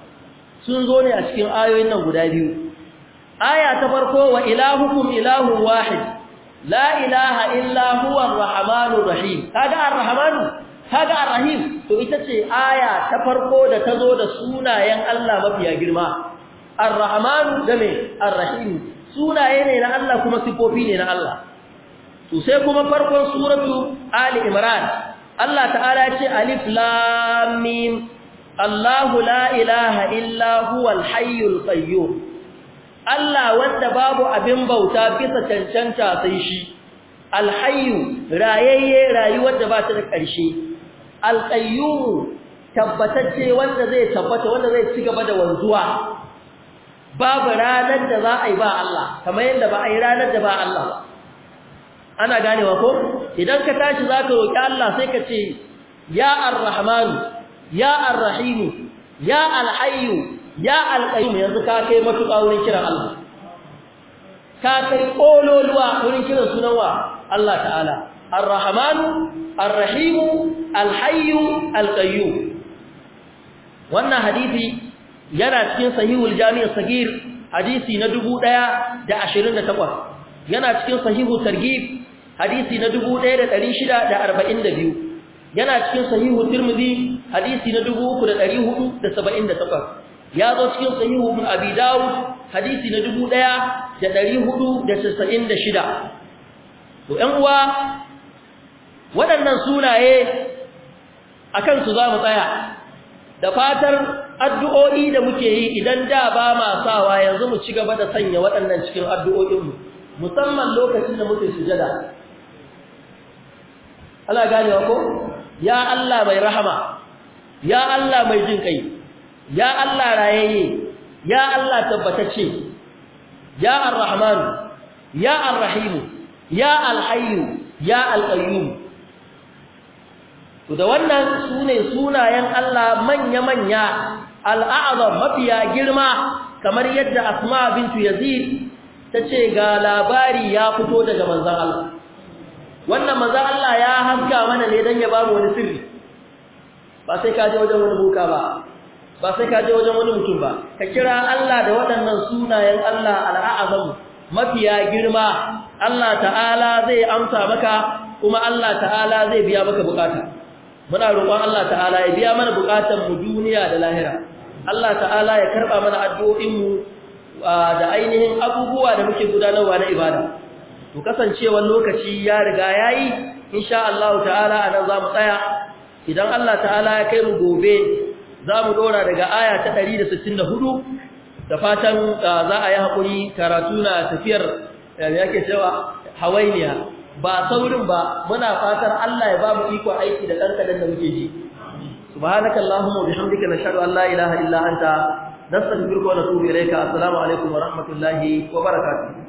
sun zo ne a cikin ayoyin nan guda biyu aya ta farko wa ilahukum ilahun wahid la ilaha illa huwa arrahmanur rahim kaga arrahmanu kaga arrahim to ita ce aya ta farko da ta zo da sunayen Allah mafiya girma arrahmanu da me arrahim sunaye ne na Allah kuma sifofi ne na Allah to kuma farkon suratu ali imran Allah ta'ala ya ce alif lam Allahu la ilaha illa huwal hayyul qayyum Allah wanda babu abin bauta bisa cancanta sai shi alhayyu rayayye rayuwar da ba ta da ƙarshe alqayyum tabbatacce wanda zai tabbata wanda zai ci gaba da wanzuwa babu ranar da za a yi ba Allah kamar yadda ba a yi ranar da ba Allah ba ana ganewa ko idan ka tashi zaka roki Allah sai ka ce ya arrahman ya arrahim ya alhayyu ya alƙayyum yanzu ka kai matuƙa wurin kiran Allah ka kai ƙololuwa wurin kiran sunan wa Allah ta'ala ar-rahmanu ar-rahimu al-hayyu al-qayyum wannan hadisi yana cikin sahihul jami' sagir hadisi na 1028 yana cikin sahihul targhib hadisi na 1642 yana cikin sahihu tirmidhi hadisi na 3478 ya zo cikin sahihu ibn abi daud hadisi na 1466 to ɗan uwa waɗannan sunaye akan su zamu tsaya da fatar addu'o'i da muke yi idan da ba ma sawa yanzu mu ci gaba da sanya waɗannan cikin addu'o'inmu musamman lokacin da muke sujada ana ganewa ko ya Allah mai rahama ya Allah mai jin kai ya Allah rayayye ya Allah tabbatacce ya al-rahman, ya arrahim ya alhayyu ya alqayyum to da wannan sune sunayen Allah manya-manya al'azam mafiya girma kamar yadda asma bintu yazid tace ga labari ya fito daga manzon Allah wannan manzon Allah ya haska mana ne dan ya mu wani sirri ba sai ka je wajen wani buka ba ba sai ka je wajen wani mutum ba ka kira Allah da waɗannan sunayen Allah al'azam mafiya girma Allah ta'ala zai amsa maka kuma Allah ta'ala zai biya maka bukata muna roƙon Allah ta'ala ya biya mana bukatar mu duniya da lahira Allah ta'ala ya karba mana addu'o'in mu da ainihin abubuwa da muke gudanarwa na ibada to kasancewar lokaci ya riga yayi insha Allah ta'ala anan za mu tsaya idan Allah ta'ala ya kai mu gobe za mu dora daga aya ta 164 da fatan uh, za a yi haƙuri karatu na tafiyar yake uh, cewa hawainiya ba saurin ba muna fatar Allah ya ba mu iko aiki da kaɗan da muke ji subhanaka allahumma wa bihamdika nashhadu an la ilaha illa anta nastaghfiruka wa natubu ilayka assalamu alaikum wa rahmatullahi wa barakatuh